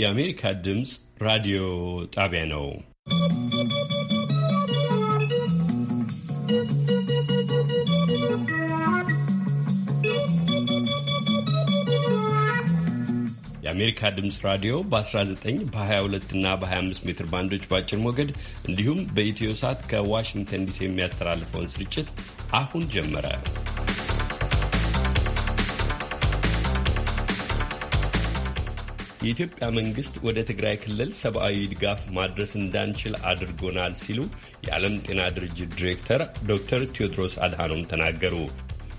የአሜሪካ ድምፅ ራዲዮ ጣቢያ ነው። የአሜሪካ ድምፅ ራዲዮ በ19 በ22 እና በ25 ሜትር ባንዶች በአጭር ሞገድ እንዲሁም በኢትዮ ሳት ከዋሽንግተን ዲሲ የሚያስተላልፈውን ስርጭት አሁን ጀመረ። የኢትዮጵያ መንግስት ወደ ትግራይ ክልል ሰብአዊ ድጋፍ ማድረስ እንዳንችል አድርጎናል ሲሉ የዓለም ጤና ድርጅት ዲሬክተር ዶክተር ቴዎድሮስ አድሃኖም ተናገሩ።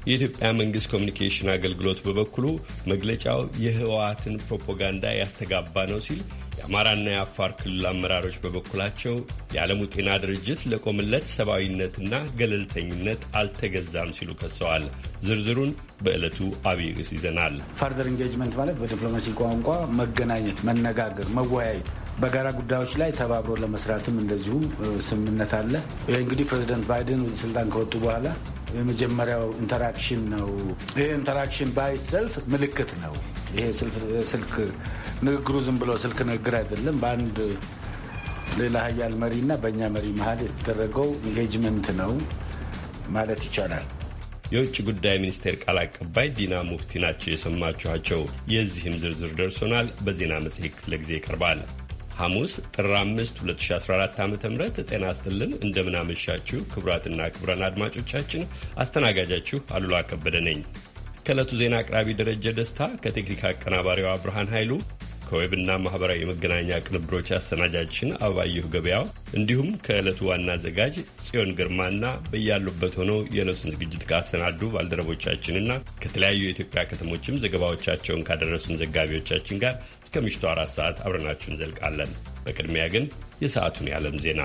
የኢትዮጵያ መንግስት ኮሚኒኬሽን አገልግሎት በበኩሉ መግለጫው የህወሓትን ፕሮፓጋንዳ ያስተጋባ ነው ሲል የአማራና የአፋር ክልል አመራሮች በበኩላቸው የዓለሙ ጤና ድርጅት ለቆምለት ሰብአዊነትና ገለልተኝነት አልተገዛም ሲሉ ከሰዋል። ዝርዝሩን በዕለቱ አብይ ርዕስ ይዘናል። ፈርደር ኢንጌጅመንት ማለት በዲፕሎማሲ ቋንቋ መገናኘት፣ መነጋገር፣ መወያየት በጋራ ጉዳዮች ላይ ተባብሮ ለመስራትም እንደዚሁ ስምምነት አለ። ይህ እንግዲህ ፕሬዚደንት ባይደን ስልጣን ከወጡ በኋላ የመጀመሪያው ኢንተራክሽን ነው። ይሄ ኢንተራክሽን ባይ ሰልፍ ምልክት ነው። ይሄ ስልክ ንግግሩ ዝም ብሎ ስልክ ንግግር አይደለም። በአንድ ሌላ ሀያል ና በእኛ መሪ መሀል የተደረገው ኢንጌጅመንት ነው ማለት ይቻላል። የውጭ ጉዳይ ሚኒስቴር ቃል አቀባይ ዲና ሙፍቲ ናቸው የሰማችኋቸው። የዚህም ዝርዝር ደርሶናል፣ በዜና መጽሔት ክፍለ ጊዜ ይቀርባል። ሐሙስ ጥር 5 2014 ዓ ም ጤና ስጥልን እንደምናመሻችሁ ክቡራትና ክቡራን አድማጮቻችን አስተናጋጃችሁ አሉላ ከበደ ነኝ። ከዕለቱ ዜና አቅራቢ ደረጀ ደስታ፣ ከቴክኒክ አቀናባሪዋ ብርሃን ኃይሉ ከዌብና ማህበራዊ የመገናኛ ቅንብሮች አሰናጃችን አበባየሁ ገበያው እንዲሁም ከዕለቱ ዋና አዘጋጅ ጽዮን ግርማና በያሉበት ሆነው የዕለቱን ዝግጅት ካሰናዱ ባልደረቦቻችንና ከተለያዩ የኢትዮጵያ ከተሞችም ዘገባዎቻቸውን ካደረሱን ዘጋቢዎቻችን ጋር እስከ ምሽቱ አራት ሰዓት አብረናችሁ እንዘልቃለን። በቅድሚያ ግን የሰዓቱን የዓለም ዜና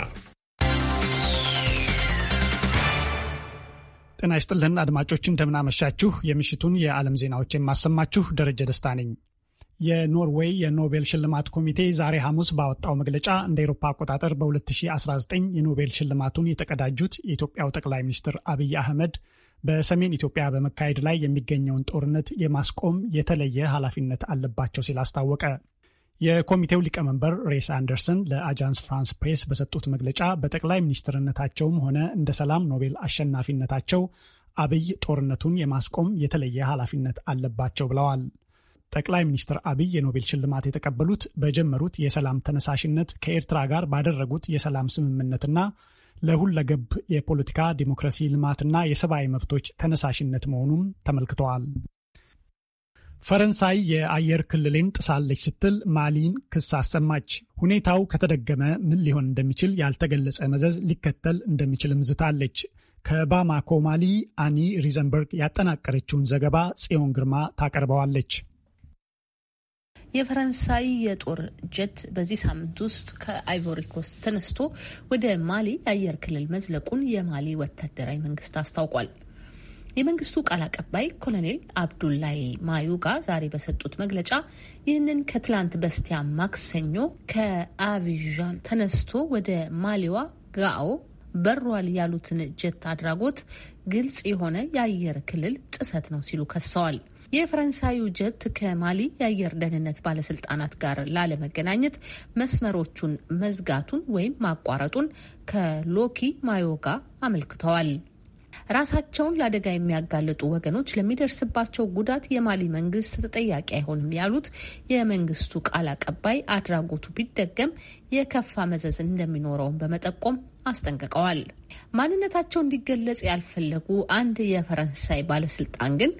ጤና ይስጥልን አድማጮች፣ እንደምናመሻችሁ። የምሽቱን የዓለም ዜናዎች የማሰማችሁ ደረጀ ደስታ ነኝ። የኖርዌይ የኖቤል ሽልማት ኮሚቴ ዛሬ ሐሙስ ባወጣው መግለጫ እንደ ኤሮፓ አቆጣጠር በ2019 የኖቤል ሽልማቱን የተቀዳጁት የኢትዮጵያው ጠቅላይ ሚኒስትር አብይ አህመድ በሰሜን ኢትዮጵያ በመካሄድ ላይ የሚገኘውን ጦርነት የማስቆም የተለየ ኃላፊነት አለባቸው ሲል አስታወቀ። የኮሚቴው ሊቀመንበር ሬስ አንደርሰን ለአጃንስ ፍራንስ ፕሬስ በሰጡት መግለጫ በጠቅላይ ሚኒስትርነታቸውም ሆነ እንደ ሰላም ኖቤል አሸናፊነታቸው አብይ ጦርነቱን የማስቆም የተለየ ኃላፊነት አለባቸው ብለዋል። ጠቅላይ ሚኒስትር አብይ የኖቤል ሽልማት የተቀበሉት በጀመሩት የሰላም ተነሳሽነት ከኤርትራ ጋር ባደረጉት የሰላም ስምምነትና ለሁለገብ የፖለቲካ ዲሞክራሲ ልማትና የሰብአዊ መብቶች ተነሳሽነት መሆኑም ተመልክተዋል። ፈረንሳይ የአየር ክልሌን ጥሳለች ስትል ማሊን ክስ አሰማች። ሁኔታው ከተደገመ ምን ሊሆን እንደሚችል ያልተገለጸ መዘዝ ሊከተል እንደሚችልም ዝታለች። ከባማኮ ማሊ አኒ ሪዘንበርግ ያጠናቀረችውን ዘገባ ጽዮን ግርማ ታቀርበዋለች። የፈረንሳይ የጦር ጀት በዚህ ሳምንት ውስጥ ከአይቮሪኮስት ተነስቶ ወደ ማሊ የአየር ክልል መዝለቁን የማሊ ወታደራዊ መንግስት አስታውቋል። የመንግስቱ ቃል አቀባይ ኮሎኔል አብዱላይ ማዩጋ ዛሬ በሰጡት መግለጫ ይህንን ከትላንት በስቲያ ማክሰኞ ከአቪዣን ተነስቶ ወደ ማሊዋ ጋኦ በሯል ያሉትን ጀት አድራጎት ግልጽ የሆነ የአየር ክልል ጥሰት ነው ሲሉ ከሰዋል። የፈረንሳዩ ጀት ከማሊ የአየር ደህንነት ባለስልጣናት ጋር ላለመገናኘት መስመሮቹን መዝጋቱን ወይም ማቋረጡን ከሎኪ ማዮጋ አመልክተዋል። ራሳቸውን ለአደጋ የሚያጋልጡ ወገኖች ለሚደርስባቸው ጉዳት የማሊ መንግስት ተጠያቂ አይሆንም ያሉት የመንግስቱ ቃል አቀባይ አድራጎቱ ቢደገም የከፋ መዘዝ እንደሚኖረውን በመጠቆም አስጠንቅቀዋል። ማንነታቸው እንዲገለጽ ያልፈለጉ አንድ የፈረንሳይ ባለስልጣን ግን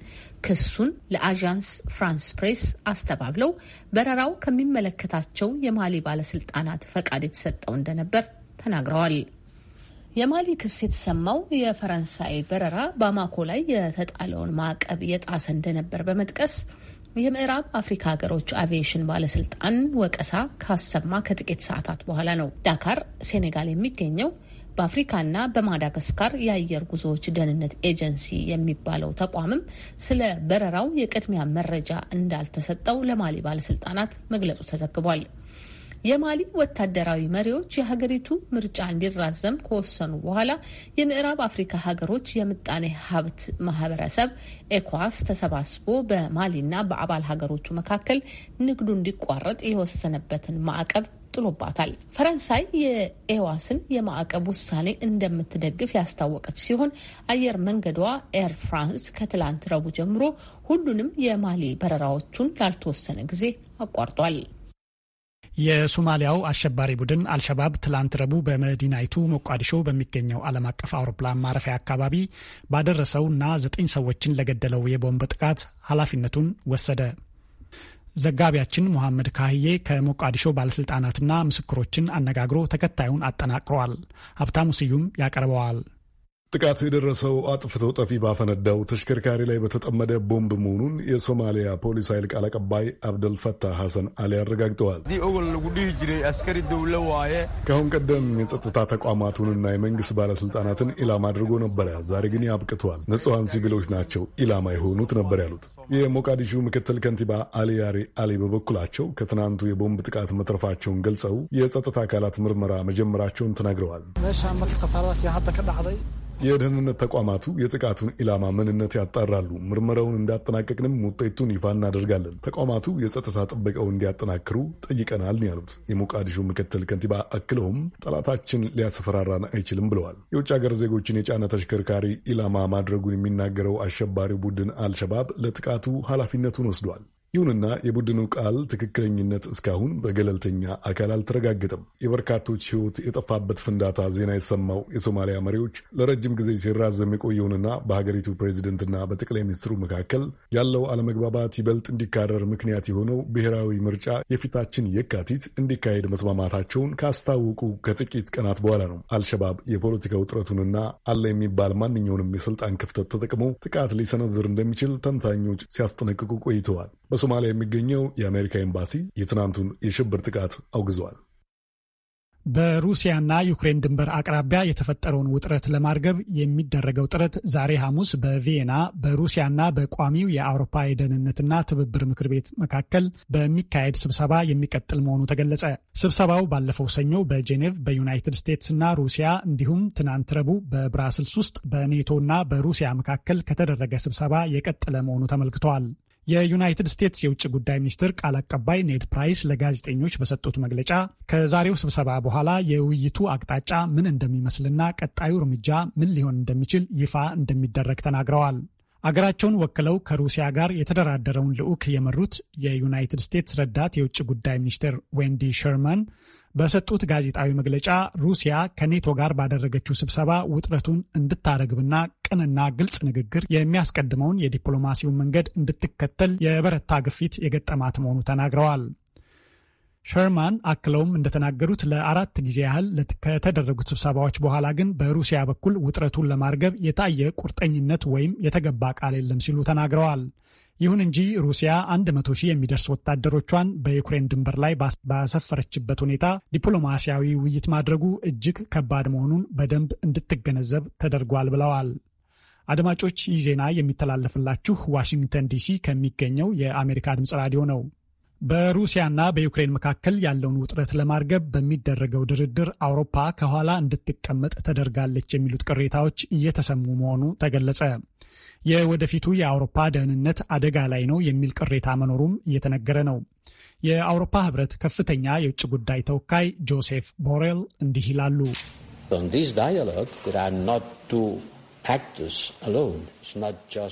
ክሱን ለአዣንስ ፍራንስ ፕሬስ አስተባብለው በረራው ከሚመለከታቸው የማሊ ባለስልጣናት ፈቃድ የተሰጠው እንደነበር ተናግረዋል። የማሊ ክስ የተሰማው የፈረንሳይ በረራ ባማኮ ላይ የተጣለውን ማዕቀብ የጣሰ እንደነበር በመጥቀስ የምዕራብ አፍሪካ ሀገሮች አቪዬሽን ባለስልጣን ወቀሳ ካሰማ ከጥቂት ሰዓታት በኋላ ነው ዳካር ሴኔጋል የሚገኘው በአፍሪካና በማዳጋስካር የአየር ጉዞዎች ደህንነት ኤጀንሲ የሚባለው ተቋምም ስለ በረራው የቅድሚያ መረጃ እንዳልተሰጠው ለማሊ ባለስልጣናት መግለጹ ተዘግቧል። የማሊ ወታደራዊ መሪዎች የሀገሪቱ ምርጫ እንዲራዘም ከወሰኑ በኋላ የምዕራብ አፍሪካ ሀገሮች የምጣኔ ሀብት ማህበረሰብ ኤኳስ ተሰባስቦ በማሊና በአባል ሀገሮቹ መካከል ንግዱ እንዲቋረጥ የወሰነበትን ማዕቀብ ጥሎባታል። ፈረንሳይ የኤዋስን የማዕቀብ ውሳኔ እንደምትደግፍ ያስታወቀች ሲሆን አየር መንገዷ ኤር ፍራንስ ከትላንት ረቡዕ ጀምሮ ሁሉንም የማሊ በረራዎቹን ላልተወሰነ ጊዜ አቋርጧል። የሶማሊያው አሸባሪ ቡድን አልሸባብ ትላንት ረቡዕ በመዲናይቱ ሞቃዲሾ በሚገኘው ዓለም አቀፍ አውሮፕላን ማረፊያ አካባቢ ባደረሰው እና ዘጠኝ ሰዎችን ለገደለው የቦምብ ጥቃት ኃላፊነቱን ወሰደ። ዘጋቢያችን ሞሐመድ ካህዬ ከሞቃዲሾ ባለሥልጣናትና ምስክሮችን አነጋግሮ ተከታዩን አጠናቅረዋል። ሀብታሙ ስዩም ያቀርበዋል። ጥቃቱ የደረሰው አጥፍቶ ጠፊ ባፈነዳው ተሽከርካሪ ላይ በተጠመደ ቦምብ መሆኑን የሶማሊያ ፖሊስ ኃይል ቃል አቀባይ አብደልፈታህ ሐሰን አሊ አረጋግጠዋል። ከአሁን ቀደም የጸጥታ ተቋማቱንና የመንግሥት ባለሥልጣናትን ኢላማ አድርጎ ነበረ። ዛሬ ግን ያብቅተዋል። ንጹሐን ሲቪሎች ናቸው ኢላማ የሆኑት ነበር ያሉት የሞቃዲሹ ምክትል ከንቲባ አሊያሪ አሊ በበኩላቸው ከትናንቱ የቦምብ ጥቃት መትረፋቸውን ገልጸው የጸጥታ አካላት ምርመራ መጀመራቸውን ተናግረዋል። የደህንነት ተቋማቱ የጥቃቱን ኢላማ ምንነት ያጣራሉ። ምርመራውን እንዳጠናቀቅንም ውጤቱን ይፋ እናደርጋለን። ተቋማቱ የጸጥታ ጥበቃው እንዲያጠናክሩ ጠይቀናል ያሉት የሞቃዲሾ ምክትል ከንቲባ አክለውም ጠላታችን ሊያስፈራራን አይችልም ብለዋል። የውጭ ሀገር ዜጎችን የጫነ ተሽከርካሪ ኢላማ ማድረጉን የሚናገረው አሸባሪው ቡድን አልሸባብ ለጥቃቱ ኃላፊነቱን ወስዷል። ይሁንና የቡድኑ ቃል ትክክለኝነት እስካሁን በገለልተኛ አካል አልተረጋገጠም። የበርካቶች ሕይወት የጠፋበት ፍንዳታ ዜና የተሰማው የሶማሊያ መሪዎች ለረጅም ጊዜ ሲራዘም የቆየውንና በሀገሪቱ ፕሬዚደንትና በጠቅላይ ሚኒስትሩ መካከል ያለው አለመግባባት ይበልጥ እንዲካረር ምክንያት የሆነው ብሔራዊ ምርጫ የፊታችን የካቲት እንዲካሄድ መስማማታቸውን ካስታወቁ ከጥቂት ቀናት በኋላ ነው። አልሸባብ የፖለቲካ ውጥረቱንና አለ የሚባል ማንኛውንም የስልጣን ክፍተት ተጠቅሞ ጥቃት ሊሰነዝር እንደሚችል ተንታኞች ሲያስጠነቅቁ ቆይተዋል። በሶማሊያ የሚገኘው የአሜሪካ ኤምባሲ የትናንቱን የሽብር ጥቃት አውግዘዋል። በሩሲያና ዩክሬን ድንበር አቅራቢያ የተፈጠረውን ውጥረት ለማርገብ የሚደረገው ጥረት ዛሬ ሐሙስ በቪየና በሩሲያና በቋሚው የአውሮፓ የደህንነትና ትብብር ምክር ቤት መካከል በሚካሄድ ስብሰባ የሚቀጥል መሆኑ ተገለጸ። ስብሰባው ባለፈው ሰኞ በጄኔቭ በዩናይትድ ስቴትስና ሩሲያ እንዲሁም ትናንት ረቡዕ በብራስልስ ውስጥ በኔቶና በሩሲያ መካከል ከተደረገ ስብሰባ የቀጠለ መሆኑ ተመልክተዋል። የዩናይትድ ስቴትስ የውጭ ጉዳይ ሚኒስትር ቃል አቀባይ ኔድ ፕራይስ ለጋዜጠኞች በሰጡት መግለጫ ከዛሬው ስብሰባ በኋላ የውይይቱ አቅጣጫ ምን እንደሚመስልና ቀጣዩ እርምጃ ምን ሊሆን እንደሚችል ይፋ እንደሚደረግ ተናግረዋል። አገራቸውን ወክለው ከሩሲያ ጋር የተደራደረውን ልዑክ የመሩት የዩናይትድ ስቴትስ ረዳት የውጭ ጉዳይ ሚኒስትር ዌንዲ ሸርማን በሰጡት ጋዜጣዊ መግለጫ ሩሲያ ከኔቶ ጋር ባደረገችው ስብሰባ ውጥረቱን እንድታረግብና ቅንና ግልጽ ንግግር የሚያስቀድመውን የዲፕሎማሲውን መንገድ እንድትከተል የበረታ ግፊት የገጠማት መሆኑ ተናግረዋል። ሸርማን አክለውም እንደተናገሩት ለአራት ጊዜ ያህል ከተደረጉት ስብሰባዎች በኋላ ግን በሩሲያ በኩል ውጥረቱን ለማርገብ የታየ ቁርጠኝነት ወይም የተገባ ቃል የለም ሲሉ ተናግረዋል። ይሁን እንጂ ሩሲያ 100 ሺህ የሚደርስ ወታደሮቿን በዩክሬን ድንበር ላይ ባሰፈረችበት ሁኔታ ዲፕሎማሲያዊ ውይይት ማድረጉ እጅግ ከባድ መሆኑን በደንብ እንድትገነዘብ ተደርጓል ብለዋል። አድማጮች ይህ ዜና የሚተላለፍላችሁ ዋሽንግተን ዲሲ ከሚገኘው የአሜሪካ ድምፅ ራዲዮ ነው። በሩሲያና በዩክሬን መካከል ያለውን ውጥረት ለማርገብ በሚደረገው ድርድር አውሮፓ ከኋላ እንድትቀመጥ ተደርጋለች የሚሉት ቅሬታዎች እየተሰሙ መሆኑ ተገለጸ። የወደፊቱ የአውሮፓ ደህንነት አደጋ ላይ ነው የሚል ቅሬታ መኖሩም እየተነገረ ነው። የአውሮፓ ሕብረት ከፍተኛ የውጭ ጉዳይ ተወካይ ጆሴፍ ቦሬል እንዲህ ይላሉ።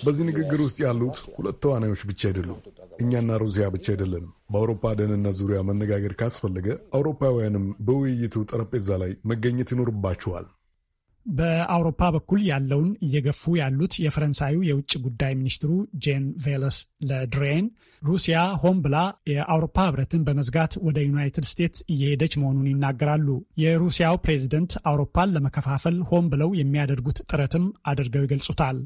በዚህ ንግግር ውስጥ ያሉት ሁለት ተዋናዮች ብቻ አይደሉም። እኛና ሩሲያ ብቻ አይደለንም። በአውሮፓ ደህንነት ዙሪያ መነጋገር ካስፈለገ አውሮፓውያንም በውይይቱ ጠረጴዛ ላይ መገኘት ይኖርባቸዋል። በአውሮፓ በኩል ያለውን እየገፉ ያሉት የፈረንሳዩ የውጭ ጉዳይ ሚኒስትሩ ጄን ቬለስ ለድሬን ሩሲያ ሆን ብላ የአውሮፓ ህብረትን በመዝጋት ወደ ዩናይትድ ስቴትስ እየሄደች መሆኑን ይናገራሉ። የሩሲያው ፕሬዚደንት አውሮፓን ለመከፋፈል ሆን ብለው የሚያደርጉት ጥረትም አድርገው ይገልጹታል።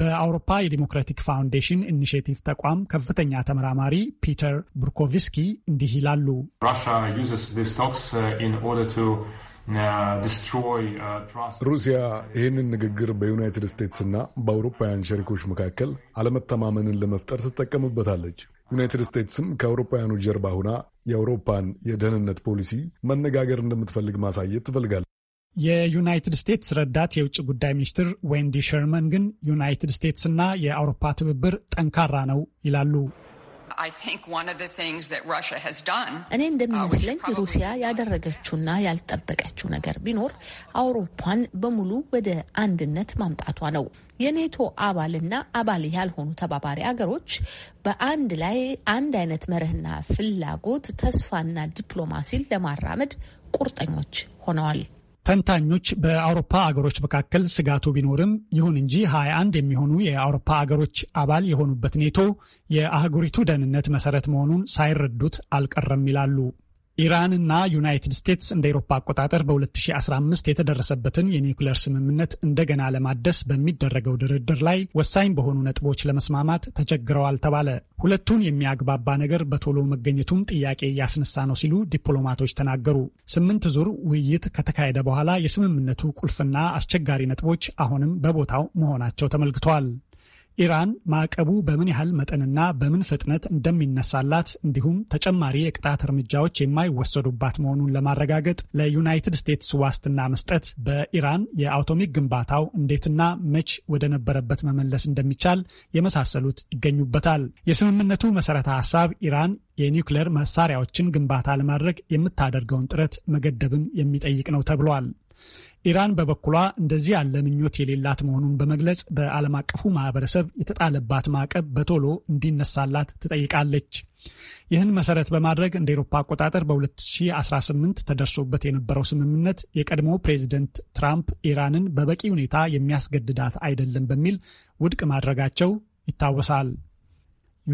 በአውሮፓ የዲሞክራቲክ ፋውንዴሽን ኢኒሽቲቭ ተቋም ከፍተኛ ተመራማሪ ፒተር ቡርኮቪስኪ እንዲህ ይላሉ። uh, uh, uh, ሩሲያ ይህንን ንግግር በዩናይትድ ስቴትስ እና በአውሮፓውያን ሸሪኮች መካከል አለመተማመንን ለመፍጠር ትጠቀምበታለች። ዩናይትድ ስቴትስም ከአውሮፓውያኑ ጀርባ ሁና የአውሮፓን የደህንነት ፖሊሲ መነጋገር እንደምትፈልግ ማሳየት ትፈልጋለች። የዩናይትድ ስቴትስ ረዳት የውጭ ጉዳይ ሚኒስትር ዌንዲ ሸርመን ግን ዩናይትድ ስቴትስና የአውሮፓ ትብብር ጠንካራ ነው ይላሉ። እኔ uh, እንደሚመስለኝ ሩሲያ ያደረገችውና ያልጠበቀችው ነገር ቢኖር አውሮፓን በሙሉ ወደ አንድነት ማምጣቷ ነው። የኔቶ አባልና አባል ያልሆኑ ተባባሪ አገሮች በአንድ ላይ አንድ አይነት መርህና ፍላጎት፣ ተስፋና ዲፕሎማሲን ለማራመድ ቁርጠኞች ሆነዋል። ተንታኞች በአውሮፓ አገሮች መካከል ስጋቱ ቢኖርም ይሁን እንጂ 21 የሚሆኑ የአውሮፓ አገሮች አባል የሆኑበት ኔቶ የአህጉሪቱ ደህንነት መሰረት መሆኑን ሳይረዱት አልቀረም ይላሉ። ኢራንና ዩናይትድ ስቴትስ እንደ ኤሮፓ አቆጣጠር በ2015 የተደረሰበትን የኒውክሌር ስምምነት እንደገና ለማደስ በሚደረገው ድርድር ላይ ወሳኝ በሆኑ ነጥቦች ለመስማማት ተቸግረዋል ተባለ። ሁለቱን የሚያግባባ ነገር በቶሎ መገኘቱም ጥያቄ እያስነሳ ነው ሲሉ ዲፕሎማቶች ተናገሩ። ስምንት ዙር ውይይት ከተካሄደ በኋላ የስምምነቱ ቁልፍና አስቸጋሪ ነጥቦች አሁንም በቦታው መሆናቸው ተመልክተዋል። ኢራን ማዕቀቡ በምን ያህል መጠንና በምን ፍጥነት እንደሚነሳላት እንዲሁም ተጨማሪ የቅጣት እርምጃዎች የማይወሰዱባት መሆኑን ለማረጋገጥ ለዩናይትድ ስቴትስ ዋስትና መስጠት በኢራን የአውቶሚክ ግንባታው እንዴትና መች ወደ ነበረበት መመለስ እንደሚቻል የመሳሰሉት ይገኙበታል። የስምምነቱ መሰረተ ሀሳብ ኢራን የኒውክሌር መሳሪያዎችን ግንባታ ለማድረግ የምታደርገውን ጥረት መገደብን የሚጠይቅ ነው ተብሏል። ኢራን በበኩሏ እንደዚህ ያለ ምኞት የሌላት መሆኑን በመግለጽ በዓለም አቀፉ ማህበረሰብ የተጣለባት ማዕቀብ በቶሎ እንዲነሳላት ትጠይቃለች። ይህን መሰረት በማድረግ እንደ ኤሮፓ አቆጣጠር በ2018 ተደርሶበት የነበረው ስምምነት የቀድሞ ፕሬዚደንት ትራምፕ ኢራንን በበቂ ሁኔታ የሚያስገድዳት አይደለም በሚል ውድቅ ማድረጋቸው ይታወሳል።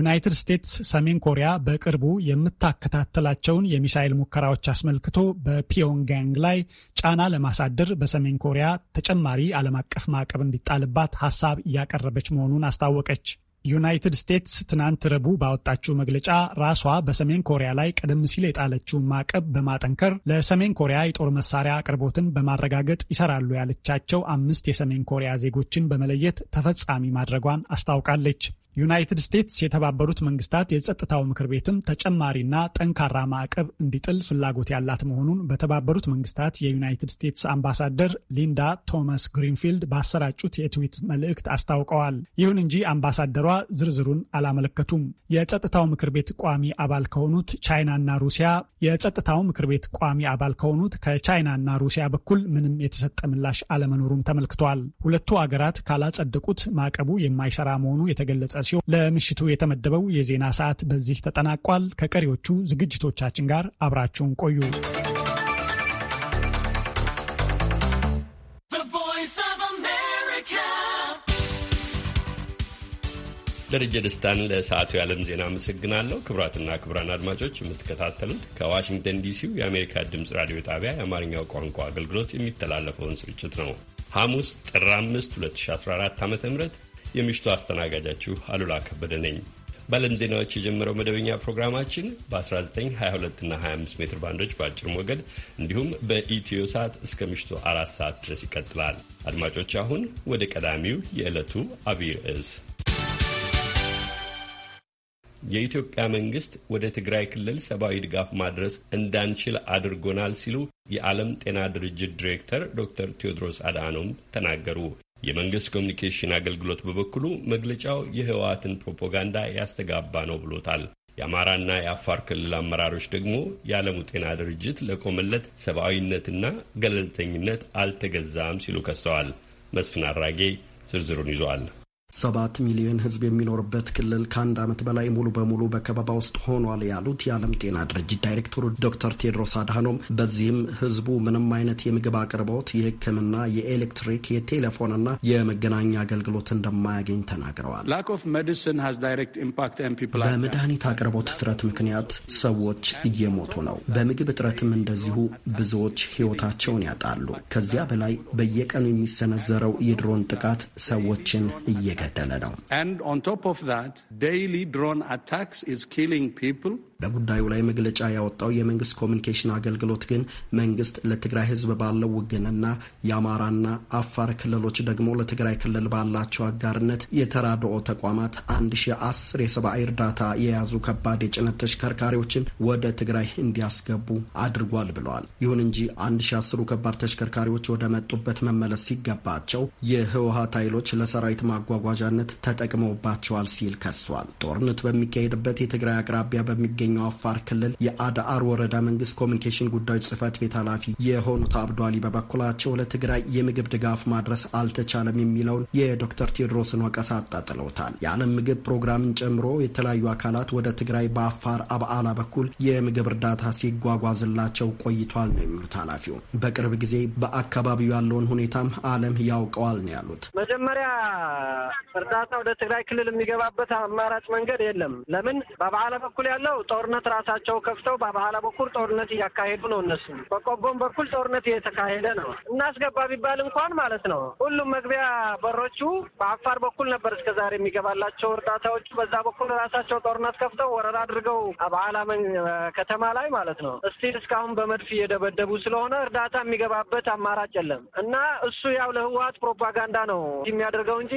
ዩናይትድ ስቴትስ ሰሜን ኮሪያ በቅርቡ የምታከታተላቸውን የሚሳይል ሙከራዎች አስመልክቶ በፒዮንጋንግ ላይ ጫና ለማሳደር በሰሜን ኮሪያ ተጨማሪ ዓለም አቀፍ ማዕቀብ እንዲጣልባት ሀሳብ እያቀረበች መሆኑን አስታወቀች። ዩናይትድ ስቴትስ ትናንት ረቡዕ ባወጣችው መግለጫ ራሷ በሰሜን ኮሪያ ላይ ቀደም ሲል የጣለችውን ማዕቀብ በማጠንከር ለሰሜን ኮሪያ የጦር መሳሪያ አቅርቦትን በማረጋገጥ ይሰራሉ ያለቻቸው አምስት የሰሜን ኮሪያ ዜጎችን በመለየት ተፈጻሚ ማድረጓን አስታውቃለች። ዩናይትድ ስቴትስ የተባበሩት መንግስታት የጸጥታው ምክር ቤትም ተጨማሪና ጠንካራ ማዕቀብ እንዲጥል ፍላጎት ያላት መሆኑን በተባበሩት መንግስታት የዩናይትድ ስቴትስ አምባሳደር ሊንዳ ቶማስ ግሪንፊልድ ባሰራጩት የትዊት መልእክት አስታውቀዋል። ይሁን እንጂ አምባሳደሯ ዝርዝሩን አላመለከቱም። የጸጥታው ምክር ቤት ቋሚ አባል ከሆኑት ቻይናና ሩሲያ የጸጥታው ምክር ቤት ቋሚ አባል ከሆኑት ከቻይናና ሩሲያ በኩል ምንም የተሰጠ ምላሽ አለመኖሩም ተመልክቷል። ሁለቱ አገራት ካላጸደቁት ማዕቀቡ የማይሰራ መሆኑ የተገለጸ ሲሆን ለምሽቱ የተመደበው የዜና ሰዓት በዚህ ተጠናቋል። ከቀሪዎቹ ዝግጅቶቻችን ጋር አብራችሁን ቆዩ። ደረጀ ደስታን ለሰዓቱ የዓለም ዜና አመሰግናለሁ። ክቡራትና ክቡራን አድማጮች የምትከታተሉት ከዋሽንግተን ዲሲው የአሜሪካ ድምፅ ራዲዮ ጣቢያ የአማርኛው ቋንቋ አገልግሎት የሚተላለፈውን ስርጭት ነው። ሐሙስ ጥር 5 2014 ዓ ም የምሽቱ አስተናጋጃችሁ አሉላ ከበደ ነኝ። በዓለም ዜናዎች የጀመረው መደበኛ ፕሮግራማችን በ 1922 እና 25 ሜትር ባንዶች በአጭር ሞገድ እንዲሁም በኢትዮ ሰዓት እስከ ምሽቱ አራት ሰዓት ድረስ ይቀጥላል። አድማጮች አሁን ወደ ቀዳሚው የዕለቱ አብይ ርዕስ የኢትዮጵያ መንግስት ወደ ትግራይ ክልል ሰብአዊ ድጋፍ ማድረስ እንዳንችል አድርጎናል ሲሉ የዓለም ጤና ድርጅት ዲሬክተር ዶክተር ቴዎድሮስ አድሃኖም ተናገሩ። የመንግስት ኮሚኒኬሽን አገልግሎት በበኩሉ መግለጫው የህወሓትን ፕሮፓጋንዳ ያስተጋባ ነው ብሎታል። የአማራና የአፋር ክልል አመራሮች ደግሞ የዓለሙ ጤና ድርጅት ለቆመለት ሰብአዊነትና ገለልተኝነት አልተገዛም ሲሉ ከሰዋል። መስፍን አራጌ ዝርዝሩን ይዟል። ሰባት ሚሊዮን ህዝብ የሚኖርበት ክልል ከአንድ ዓመት በላይ ሙሉ በሙሉ በከበባ ውስጥ ሆኗል ያሉት የዓለም ጤና ድርጅት ዳይሬክተሩ ዶክተር ቴድሮስ አድሃኖም በዚህም ህዝቡ ምንም አይነት የምግብ አቅርቦት፣ የህክምና፣ የኤሌክትሪክ፣ የቴሌፎንና የመገናኛ አገልግሎት እንደማያገኝ ተናግረዋል። በመድኃኒት አቅርቦት እጥረት ምክንያት ሰዎች እየሞቱ ነው። በምግብ እጥረትም እንደዚሁ ብዙዎች ህይወታቸውን ያጣሉ። ከዚያ በላይ በየቀኑ የሚሰነዘረው የድሮን ጥቃት ሰዎችን እየገ ይከተለ ነው። And on top of that, daily drone attacks is killing people. በጉዳዩ ላይ መግለጫ ያወጣው የመንግስት ኮሚኒኬሽን አገልግሎት ግን መንግስት ለትግራይ ህዝብ ባለው ውግንና የአማራና አፋር ክልሎች ደግሞ ለትግራይ ክልል ባላቸው አጋርነት የተራድኦ ተቋማት አንድ ሺ የሰብአዊ እርዳታ የያዙ ከባድ የጭነት ተሽከርካሪዎችን ወደ ትግራይ እንዲያስገቡ አድርጓል ብለዋል። ይሁን እንጂ 1010 ሺ ከባድ ተሽከርካሪዎች ወደ መጡበት መመለስ ሲገባቸው የህወሀት ኃይሎች ለሰራዊት ማጓጓዣነት ተጠቅመውባቸዋል ሲል ከሷል። ጦርነት በሚካሄድበት የትግራይ አቅራቢያ በሚገኝ የታችኛው አፋር ክልል የአዳአር ወረዳ መንግስት ኮሚኒኬሽን ጉዳዮች ጽህፈት ቤት ኃላፊ የሆኑት አብዱ አሊ በበኩላቸው ለትግራይ የምግብ ድጋፍ ማድረስ አልተቻለም የሚለውን የዶክተር ቴዎድሮስን ወቀሳ አጣጥለውታል። የዓለም ምግብ ፕሮግራምን ጨምሮ የተለያዩ አካላት ወደ ትግራይ በአፋር አብዓላ በኩል የምግብ እርዳታ ሲጓጓዝላቸው ቆይቷል ነው የሚሉት ኃላፊው። በቅርብ ጊዜ በአካባቢው ያለውን ሁኔታም ዓለም ያውቀዋል ነው ያሉት። መጀመሪያ እርዳታ ወደ ትግራይ ክልል የሚገባበት አማራጭ መንገድ የለም። ለምን በአብዓላ በኩል ያለው ጦርነት ራሳቸው ከፍተው በባህላ በኩል ጦርነት እያካሄዱ ነው። እነሱ በቆቦም በኩል ጦርነት እየተካሄደ ነው። እናስገባ ቢባል እንኳን ማለት ነው ሁሉም መግቢያ በሮቹ በአፋር በኩል ነበር እስከዛሬ የሚገባላቸው እርዳታዎቹ። በዛ በኩል ራሳቸው ጦርነት ከፍተው ወረራ አድርገው በኋላ ከተማ ላይ ማለት ነው እስቲል እስካሁን በመድፍ እየደበደቡ ስለሆነ እርዳታ የሚገባበት አማራጭ የለም እና እሱ ያው ለህወሀት ፕሮፓጋንዳ ነው የሚያደርገው እንጂ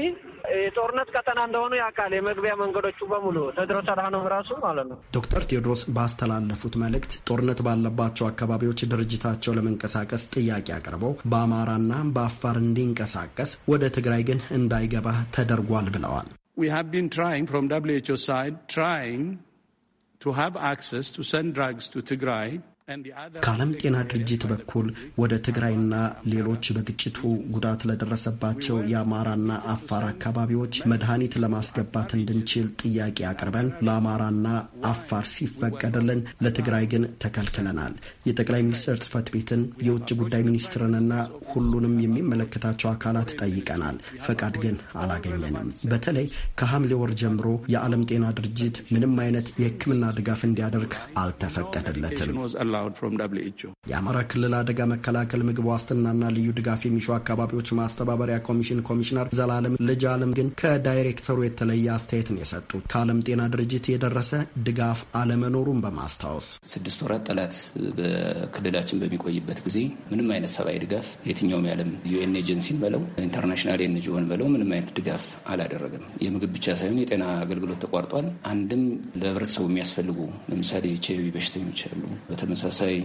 የጦርነት ቀጠና እንደሆኑ ያውቃል። የመግቢያ መንገዶቹ በሙሉ ተድሮተራ ነው ራሱ ማለት ነው ዶክተር ቴዎድሮስ ባስተላለፉት መልእክት ጦርነት ባለባቸው አካባቢዎች ድርጅታቸው ለመንቀሳቀስ ጥያቄ አቅርበው በአማራና በአፋር እንዲንቀሳቀስ ወደ ትግራይ ግን እንዳይገባ ተደርጓል ብለዋል። ዊ ከዓለም ጤና ድርጅት በኩል ወደ ትግራይና ሌሎች በግጭቱ ጉዳት ለደረሰባቸው የአማራና አፋር አካባቢዎች መድኃኒት ለማስገባት እንድንችል ጥያቄ አቅርበን ለአማራና አፋር ሲፈቀድልን፣ ለትግራይ ግን ተከልክለናል። የጠቅላይ ሚኒስትር ጽህፈት ቤትን የውጭ ጉዳይ ሚኒስትርንና ሁሉንም የሚመለከታቸው አካላት ጠይቀናል። ፈቃድ ግን አላገኘንም። በተለይ ከሐምሌ ወር ጀምሮ የዓለም ጤና ድርጅት ምንም አይነት የሕክምና ድጋፍ እንዲያደርግ አልተፈቀደለትም። የአማራ ክልል አደጋ መከላከል ምግብ ዋስትናና ልዩ ድጋፍ የሚሹ አካባቢዎች ማስተባበሪያ ኮሚሽን ኮሚሽነር ዘላለም ልጅ አለም ግን ከዳይሬክተሩ የተለየ አስተያየት ነው የሰጡት። ከዓለም ጤና ድርጅት የደረሰ ድጋፍ አለመኖሩን በማስታወስ ስድስት ወራት ጠላት በክልላችን በሚቆይበት ጊዜ ምንም አይነት ሰብአዊ ድጋፍ የትኛውም የዓለም ዩኤን ኤጀንሲን በለው ኢንተርናሽናል ኤንጂኦን በለው ምንም አይነት ድጋፍ አላደረገም። የምግብ ብቻ ሳይሆን የጤና አገልግሎት ተቋርጧል። አንድም ለህብረተሰቡ የሚያስፈልጉ ለምሳሌ ኤች አይ ቪ በሽተኞች አሉ። በተመሳ ተመሳሳይ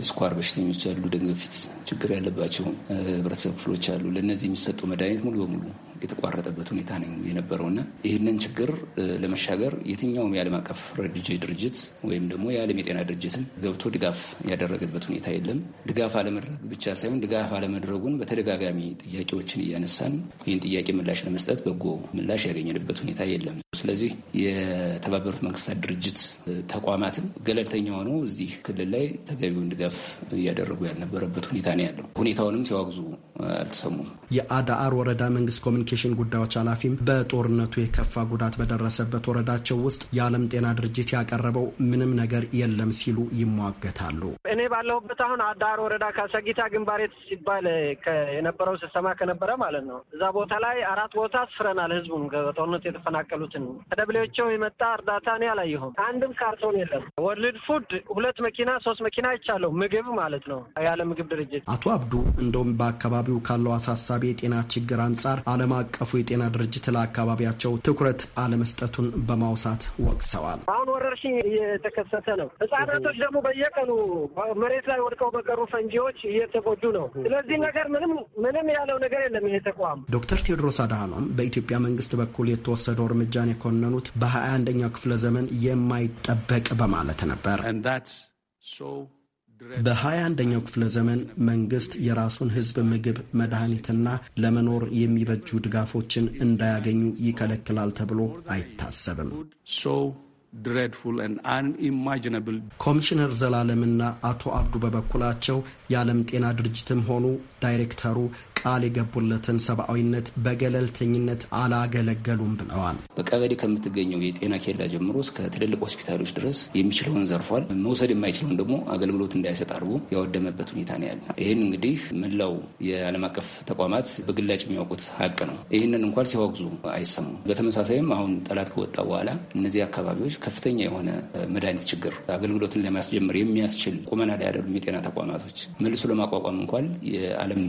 የስኳር በሽተኞች አሉ፣ ደም ግፊት ችግር ያለባቸው ህብረተሰብ ክፍሎች አሉ። ለእነዚህ የሚሰጠው መድኃኒት ሙሉ በሙሉ የተቋረጠበት ሁኔታ ነው የነበረውና ይህንን ችግር ለመሻገር የትኛውም የዓለም አቀፍ ረድኤት ድርጅት ወይም ደግሞ የዓለም የጤና ድርጅትም ገብቶ ድጋፍ ያደረገበት ሁኔታ የለም። ድጋፍ አለመድረግ ብቻ ሳይሆን ድጋፍ አለመድረጉን በተደጋጋሚ ጥያቄዎችን እያነሳን ይህን ጥያቄ ምላሽ ለመስጠት በጎ ምላሽ ያገኘንበት ሁኔታ የለም። ስለዚህ የተባበሩት መንግስታት ድርጅት ተቋማትም ገለልተኛ ሆነው እዚህ ክልል ላይ ተገቢውን ድጋፍ እያደረጉ ያልነበረበት ሁኔታ ነው ያለው። ሁኔታውንም ሲያወግዙ አልተሰሙም። የአዳአር ወረዳ መንግስት ኮሚኒ ኮሚኒኬሽን ጉዳዮች ኃላፊም በጦርነቱ የከፋ ጉዳት በደረሰበት ወረዳቸው ውስጥ የዓለም ጤና ድርጅት ያቀረበው ምንም ነገር የለም ሲሉ ይሟገታሉ። እኔ ባለሁበት አሁን አዳር ወረዳ ካሰጊታ ግንባሬት ሲባል የነበረው ስሰማ ከነበረ ማለት ነው። እዛ ቦታ ላይ አራት ቦታ አስፍረናል። ህዝቡም በጦርነቱ የተፈናቀሉትን ከደብሌዎቸው የመጣ እርዳታ እኔ አላየሁም። አንድም ካርቶን የለም። ወርልድ ፉድ ሁለት መኪና ሶስት መኪና አይቻለሁ። ምግብ ማለት ነው የዓለም ምግብ ድርጅት አቶ አብዱ እንደውም በአካባቢው ካለው አሳሳቢ የጤና ችግር አንጻር አለም አቀፉ የጤና ድርጅት ለአካባቢያቸው ትኩረት አለመስጠቱን በማውሳት ወቅሰዋል። አሁን ወረርሽኝ እየተከሰተ ነው። ህጻናቶች ደግሞ በየቀኑ መሬት ላይ ወድቀው በቀሩ ፈንጂዎች እየተጎዱ ነው። ስለዚህ ነገር ምንም ምንም ያለው ነገር የለም ይሄ ተቋም። ዶክተር ቴዎድሮስ አድሃኖም በኢትዮጵያ መንግስት በኩል የተወሰደው እርምጃን የኮነኑት በሀያ አንደኛው ክፍለ ዘመን የማይጠበቅ በማለት ነበር። በሀያ አንደኛው ክፍለ ዘመን መንግስት የራሱን ህዝብ ምግብ፣ መድኃኒትና ለመኖር የሚበጁ ድጋፎችን እንዳያገኙ ይከለክላል ተብሎ አይታሰብም። ኮሚሽነር ዘላለምና አቶ አብዱ በበኩላቸው የዓለም ጤና ድርጅትም ሆኑ ዳይሬክተሩ ቃል የገቡለትን ሰብአዊነት በገለልተኝነት አላገለገሉም ብለዋል። በቀበሌ ከምትገኘው የጤና ኬላ ጀምሮ እስከ ትልልቅ ሆስፒታሎች ድረስ የሚችለውን ዘርፏል። መውሰድ የማይችለውን ደግሞ አገልግሎት እንዳይሰጥ አድርጎ ያወደመበት ሁኔታ ነው ያለ። ይህን እንግዲህ መላው የዓለም አቀፍ ተቋማት በግላጭ የሚያውቁት ሀቅ ነው። ይህንን እንኳን ሲያወግዙ አይሰሙም። በተመሳሳይም አሁን ጠላት ከወጣ በኋላ እነዚህ አካባቢዎች ከፍተኛ የሆነ መድኃኒት ችግር አገልግሎትን ለማስጀመር የሚያስችል ቁመና ላይ ያደሉም የጤና ተቋማቶች መልሶ ለማቋቋም እንኳን የዓለም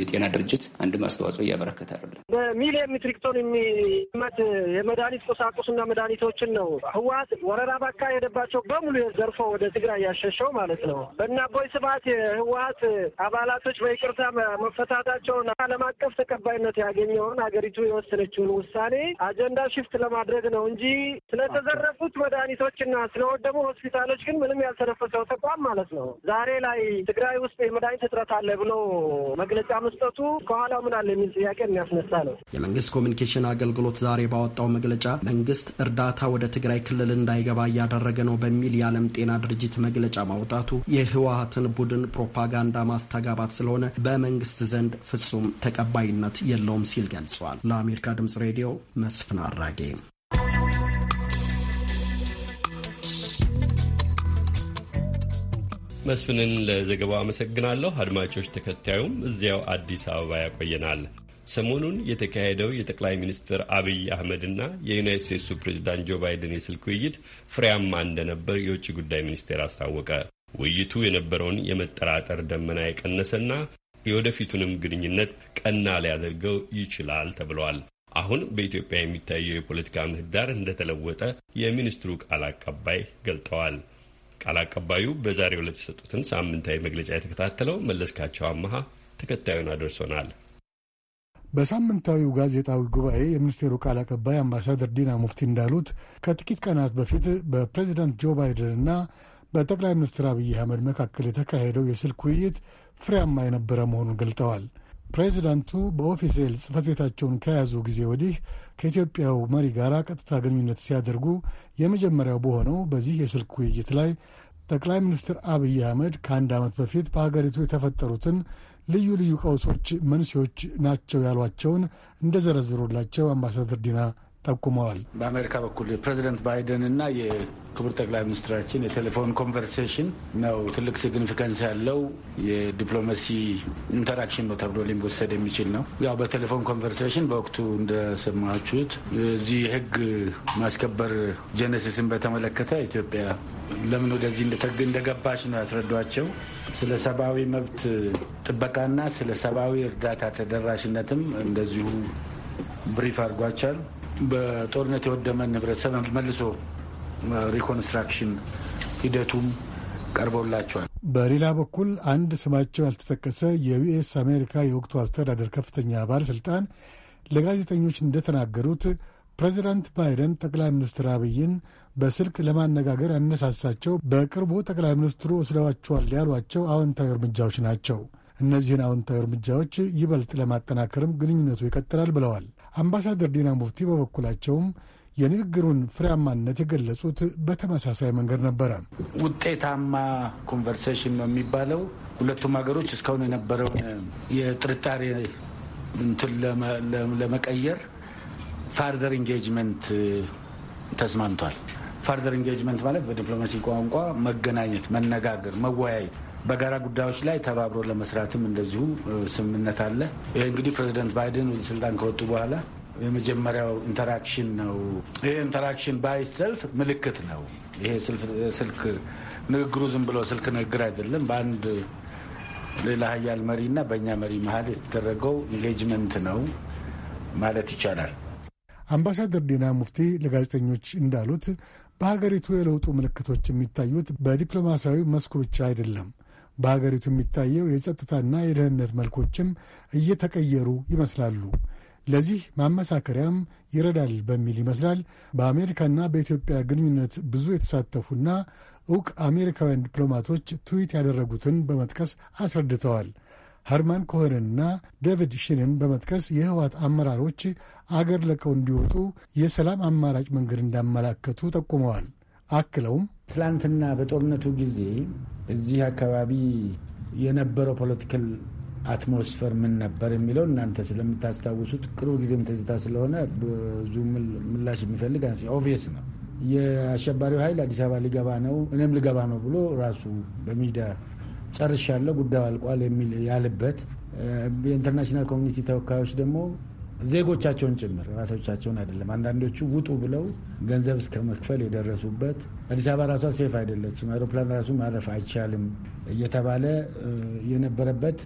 የጤና ድርጅት አንድም አስተዋጽኦ እያበረከተ አይደለም። በሚሊየን ሜትሪክ ቶን የሚመት የመድኃኒት ቁሳቁስና መድኃኒቶችን ነው ህወሓት ወረራ ባካሄደባቸው በሙሉ ዘርፎ ወደ ትግራይ ያሸሸው ማለት ነው። በእነ አቦይ ስብሐት የህወሓት አባላቶች በይቅርታ መፈታታቸውን ዓለም አቀፍ ተቀባይነት ያገኘውን ሀገሪቱ የወሰነችውን ውሳኔ አጀንዳ ሽፍት ለማድረግ ነው እንጂ ስለተዘረፈ የተዘረፉት መድኃኒቶችና ስለወደሙ ሆስፒታሎች ግን ምንም ያልተነፈሰው ተቋም ማለት ነው። ዛሬ ላይ ትግራይ ውስጥ የመድኃኒት እጥረት አለ ብሎ መግለጫ መስጠቱ ከኋላው ምን አለ የሚል ጥያቄ የሚያስነሳ ነው። የመንግስት ኮሚኒኬሽን አገልግሎት ዛሬ ባወጣው መግለጫ መንግስት እርዳታ ወደ ትግራይ ክልል እንዳይገባ እያደረገ ነው በሚል የዓለም ጤና ድርጅት መግለጫ ማውጣቱ የህወሀትን ቡድን ፕሮፓጋንዳ ማስተጋባት ስለሆነ በመንግስት ዘንድ ፍጹም ተቀባይነት የለውም ሲል ገልጿል። ለአሜሪካ ድምጽ ሬዲዮ መስፍን አራጌ መስፍንን ለዘገባው አመሰግናለሁ። አድማጮች ተከታዩም እዚያው አዲስ አበባ ያቆየናል። ሰሞኑን የተካሄደው የጠቅላይ ሚኒስትር አብይ አህመድና የዩናይት ስቴትሱ ፕሬዚዳንት ጆ ባይደን የስልክ ውይይት ፍሬያማ እንደነበር የውጭ ጉዳይ ሚኒስቴር አስታወቀ። ውይይቱ የነበረውን የመጠራጠር ደመና የቀነሰና የወደፊቱንም ግንኙነት ቀና ሊያደርገው ይችላል ተብሏል። አሁን በኢትዮጵያ የሚታየው የፖለቲካ ምህዳር እንደተለወጠ የሚኒስትሩ ቃል አቀባይ ገልጠዋል። ቃል አቀባዩ በዛሬው ዕለት የሰጡትን ሳምንታዊ መግለጫ የተከታተለው መለስካቸው አመሃ ተከታዩን አድርሶናል። በሳምንታዊው ጋዜጣዊ ጉባኤ የሚኒስቴሩ ቃል አቀባይ አምባሳደር ዲና ሙፍቲ እንዳሉት ከጥቂት ቀናት በፊት በፕሬዚዳንት ጆ እና በጠቅላይ ሚኒስትር አብይ አህመድ መካከል የተካሄደው የስልክ ውይይት ፍሬያማ የነበረ መሆኑን ገልጠዋል። ፕሬዚዳንቱ በኦፊሴል ጽህፈት ቤታቸውን ከያዙ ጊዜ ወዲህ ከኢትዮጵያው መሪ ጋር ቀጥታ ግንኙነት ሲያደርጉ የመጀመሪያው በሆነው በዚህ የስልክ ውይይት ላይ ጠቅላይ ሚኒስትር አብይ አህመድ ከአንድ ዓመት በፊት በሀገሪቱ የተፈጠሩትን ልዩ ልዩ ቀውሶች መንስኤዎች ናቸው ያሏቸውን እንደዘረዝሩላቸው አምባሳደር ዲና ጠቁመዋል። በአሜሪካ በኩል የፕሬዚደንት ባይደን እና የክቡር ጠቅላይ ሚኒስትራችን የቴሌፎን ኮንቨርሴሽን ነው ትልቅ ሲግኒፊካንስ ያለው የዲፕሎማሲ ኢንተራክሽን ነው ተብሎ ሊወሰድ የሚችል ነው። ያው በቴሌፎን ኮንቨርሴሽን በወቅቱ እንደሰማችሁት እዚህ የህግ ማስከበር ጄኔሲስን በተመለከተ ኢትዮጵያ ለምን ወደዚህ እንደገባች ነው ያስረዷቸው። ስለ ሰብአዊ መብት ጥበቃና ስለ ሰብአዊ እርዳታ ተደራሽነትም እንደዚሁ ብሪፍ አድርጓቸዋል። በጦርነት የወደመን ህብረተሰብ መልሶ ሪኮንስትራክሽን ሂደቱም ቀርበውላቸዋል በሌላ በኩል አንድ ስማቸው ያልተጠቀሰ የዩኤስ አሜሪካ የወቅቱ አስተዳደር ከፍተኛ ባለሥልጣን ለጋዜጠኞች እንደተናገሩት ፕሬዚዳንት ባይደን ጠቅላይ ሚኒስትር አብይን በስልክ ለማነጋገር ያነሳሳቸው በቅርቡ ጠቅላይ ሚኒስትሩ ወስደዋቸዋል ያሏቸው አዎንታዊ እርምጃዎች ናቸው። እነዚህን አዎንታዊ እርምጃዎች ይበልጥ ለማጠናከርም ግንኙነቱ ይቀጥላል ብለዋል። አምባሳደር ዲና ሙፍቲ በበኩላቸውም የንግግሩን ፍሬያማነት የገለጹት በተመሳሳይ መንገድ ነበረ። ውጤታማ ኮንቨርሴሽን ነው የሚባለው። ሁለቱም ሀገሮች እስካሁን የነበረውን የጥርጣሬ እንትን ለመቀየር ፋርደር ኢንጌጅመንት ተስማምቷል። ፋርደር ኢንጌጅመንት ማለት በዲፕሎማሲ ቋንቋ መገናኘት፣ መነጋገር፣ መወያየት በጋራ ጉዳዮች ላይ ተባብሮ ለመስራትም እንደዚሁ ስምምነት አለ። ይህ እንግዲህ ፕሬዚደንት ባይደን ወደ ስልጣን ከወጡ በኋላ የመጀመሪያው ኢንተራክሽን ነው። ይህ ኢንተራክሽን ባይ ሰልፍ ምልክት ነው። ይሄ ስልክ ንግግሩ ዝም ብሎ ስልክ ንግግር አይደለም። በአንድ ሌላ ሀያል መሪና በእኛ መሪ መሀል የተደረገው ኢንጌጅመንት ነው ማለት ይቻላል። አምባሳደር ዲና ሙፍቲ ለጋዜጠኞች እንዳሉት በሀገሪቱ የለውጡ ምልክቶች የሚታዩት በዲፕሎማሲያዊ መስኩ ብቻ አይደለም። በሀገሪቱ የሚታየው የጸጥታና የደህንነት መልኮችም እየተቀየሩ ይመስላሉ። ለዚህ ማመሳከሪያም ይረዳል በሚል ይመስላል በአሜሪካና በኢትዮጵያ ግንኙነት ብዙ የተሳተፉና እውቅ አሜሪካውያን ዲፕሎማቶች ትዊት ያደረጉትን በመጥቀስ አስረድተዋል። ሀርማን ኮሄንና ዴቪድ ሽንን በመጥቀስ የህወሓት አመራሮች አገር ለቀው እንዲወጡ የሰላም አማራጭ መንገድ እንዳመላከቱ ጠቁመዋል። አክለውም ትላንትና በጦርነቱ ጊዜ እዚህ አካባቢ የነበረው ፖለቲካል አትሞስፌር ምን ነበር የሚለው እናንተ ስለምታስታውሱት ቅርብ ጊዜም ትዝታ ስለሆነ ብዙ ምላሽ የሚፈልግ ኦቪየስ ነው። የአሸባሪው ኃይል አዲስ አበባ ሊገባ ነው፣ እኔም ልገባ ነው ብሎ ራሱ በሚዲያ ጨርሻለሁ፣ ጉዳዩ አልቋል የሚል ያልበት የኢንተርናሽናል ኮሚኒቲ ተወካዮች ደግሞ ዜጎቻቸውን ጭምር ራሶቻቸውን አይደለም። አንዳንዶቹ ውጡ ብለው ገንዘብ እስከ መክፈል የደረሱበት አዲስ አበባ ራሷ ሴፍ አይደለችም፣ አይሮፕላን ራሱ ማረፍ አይቻልም እየተባለ የነበረበት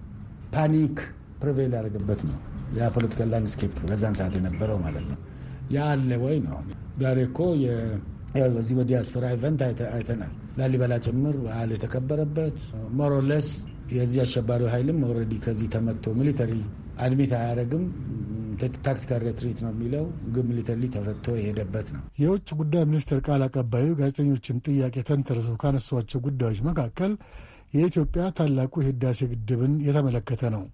ፓኒክ ፕሪቬል ያደርግበት ነው ያ ፖለቲካል ላንድስኬፕ በዛን ሰዓት የነበረው ማለት ነው። ያ አለ ወይ ነው። ዛሬ እኮ በዚህ በዲያስፖራ ኢቨንት አይተናል። ላሊበላ ጭምር በዓል የተከበረበት ሞሮለስ የዚህ አሸባሪው ኃይልም ኦልሬዲ ከዚህ ተመቶ ሚሊተሪ አድሚት አያደርግም ታክቲካል ሬትሪት ነው የሚለው ግን ሚሊተሪ ተፈቶ የሄደበት ነው። የውጭ ጉዳይ ሚኒስቴር ቃል አቀባዩ ጋዜጠኞችን ጥያቄ ተንተርሰው ካነሷቸው ጉዳዮች መካከል የኢትዮጵያ ታላቁ የህዳሴ ግድብን የተመለከተ ነው።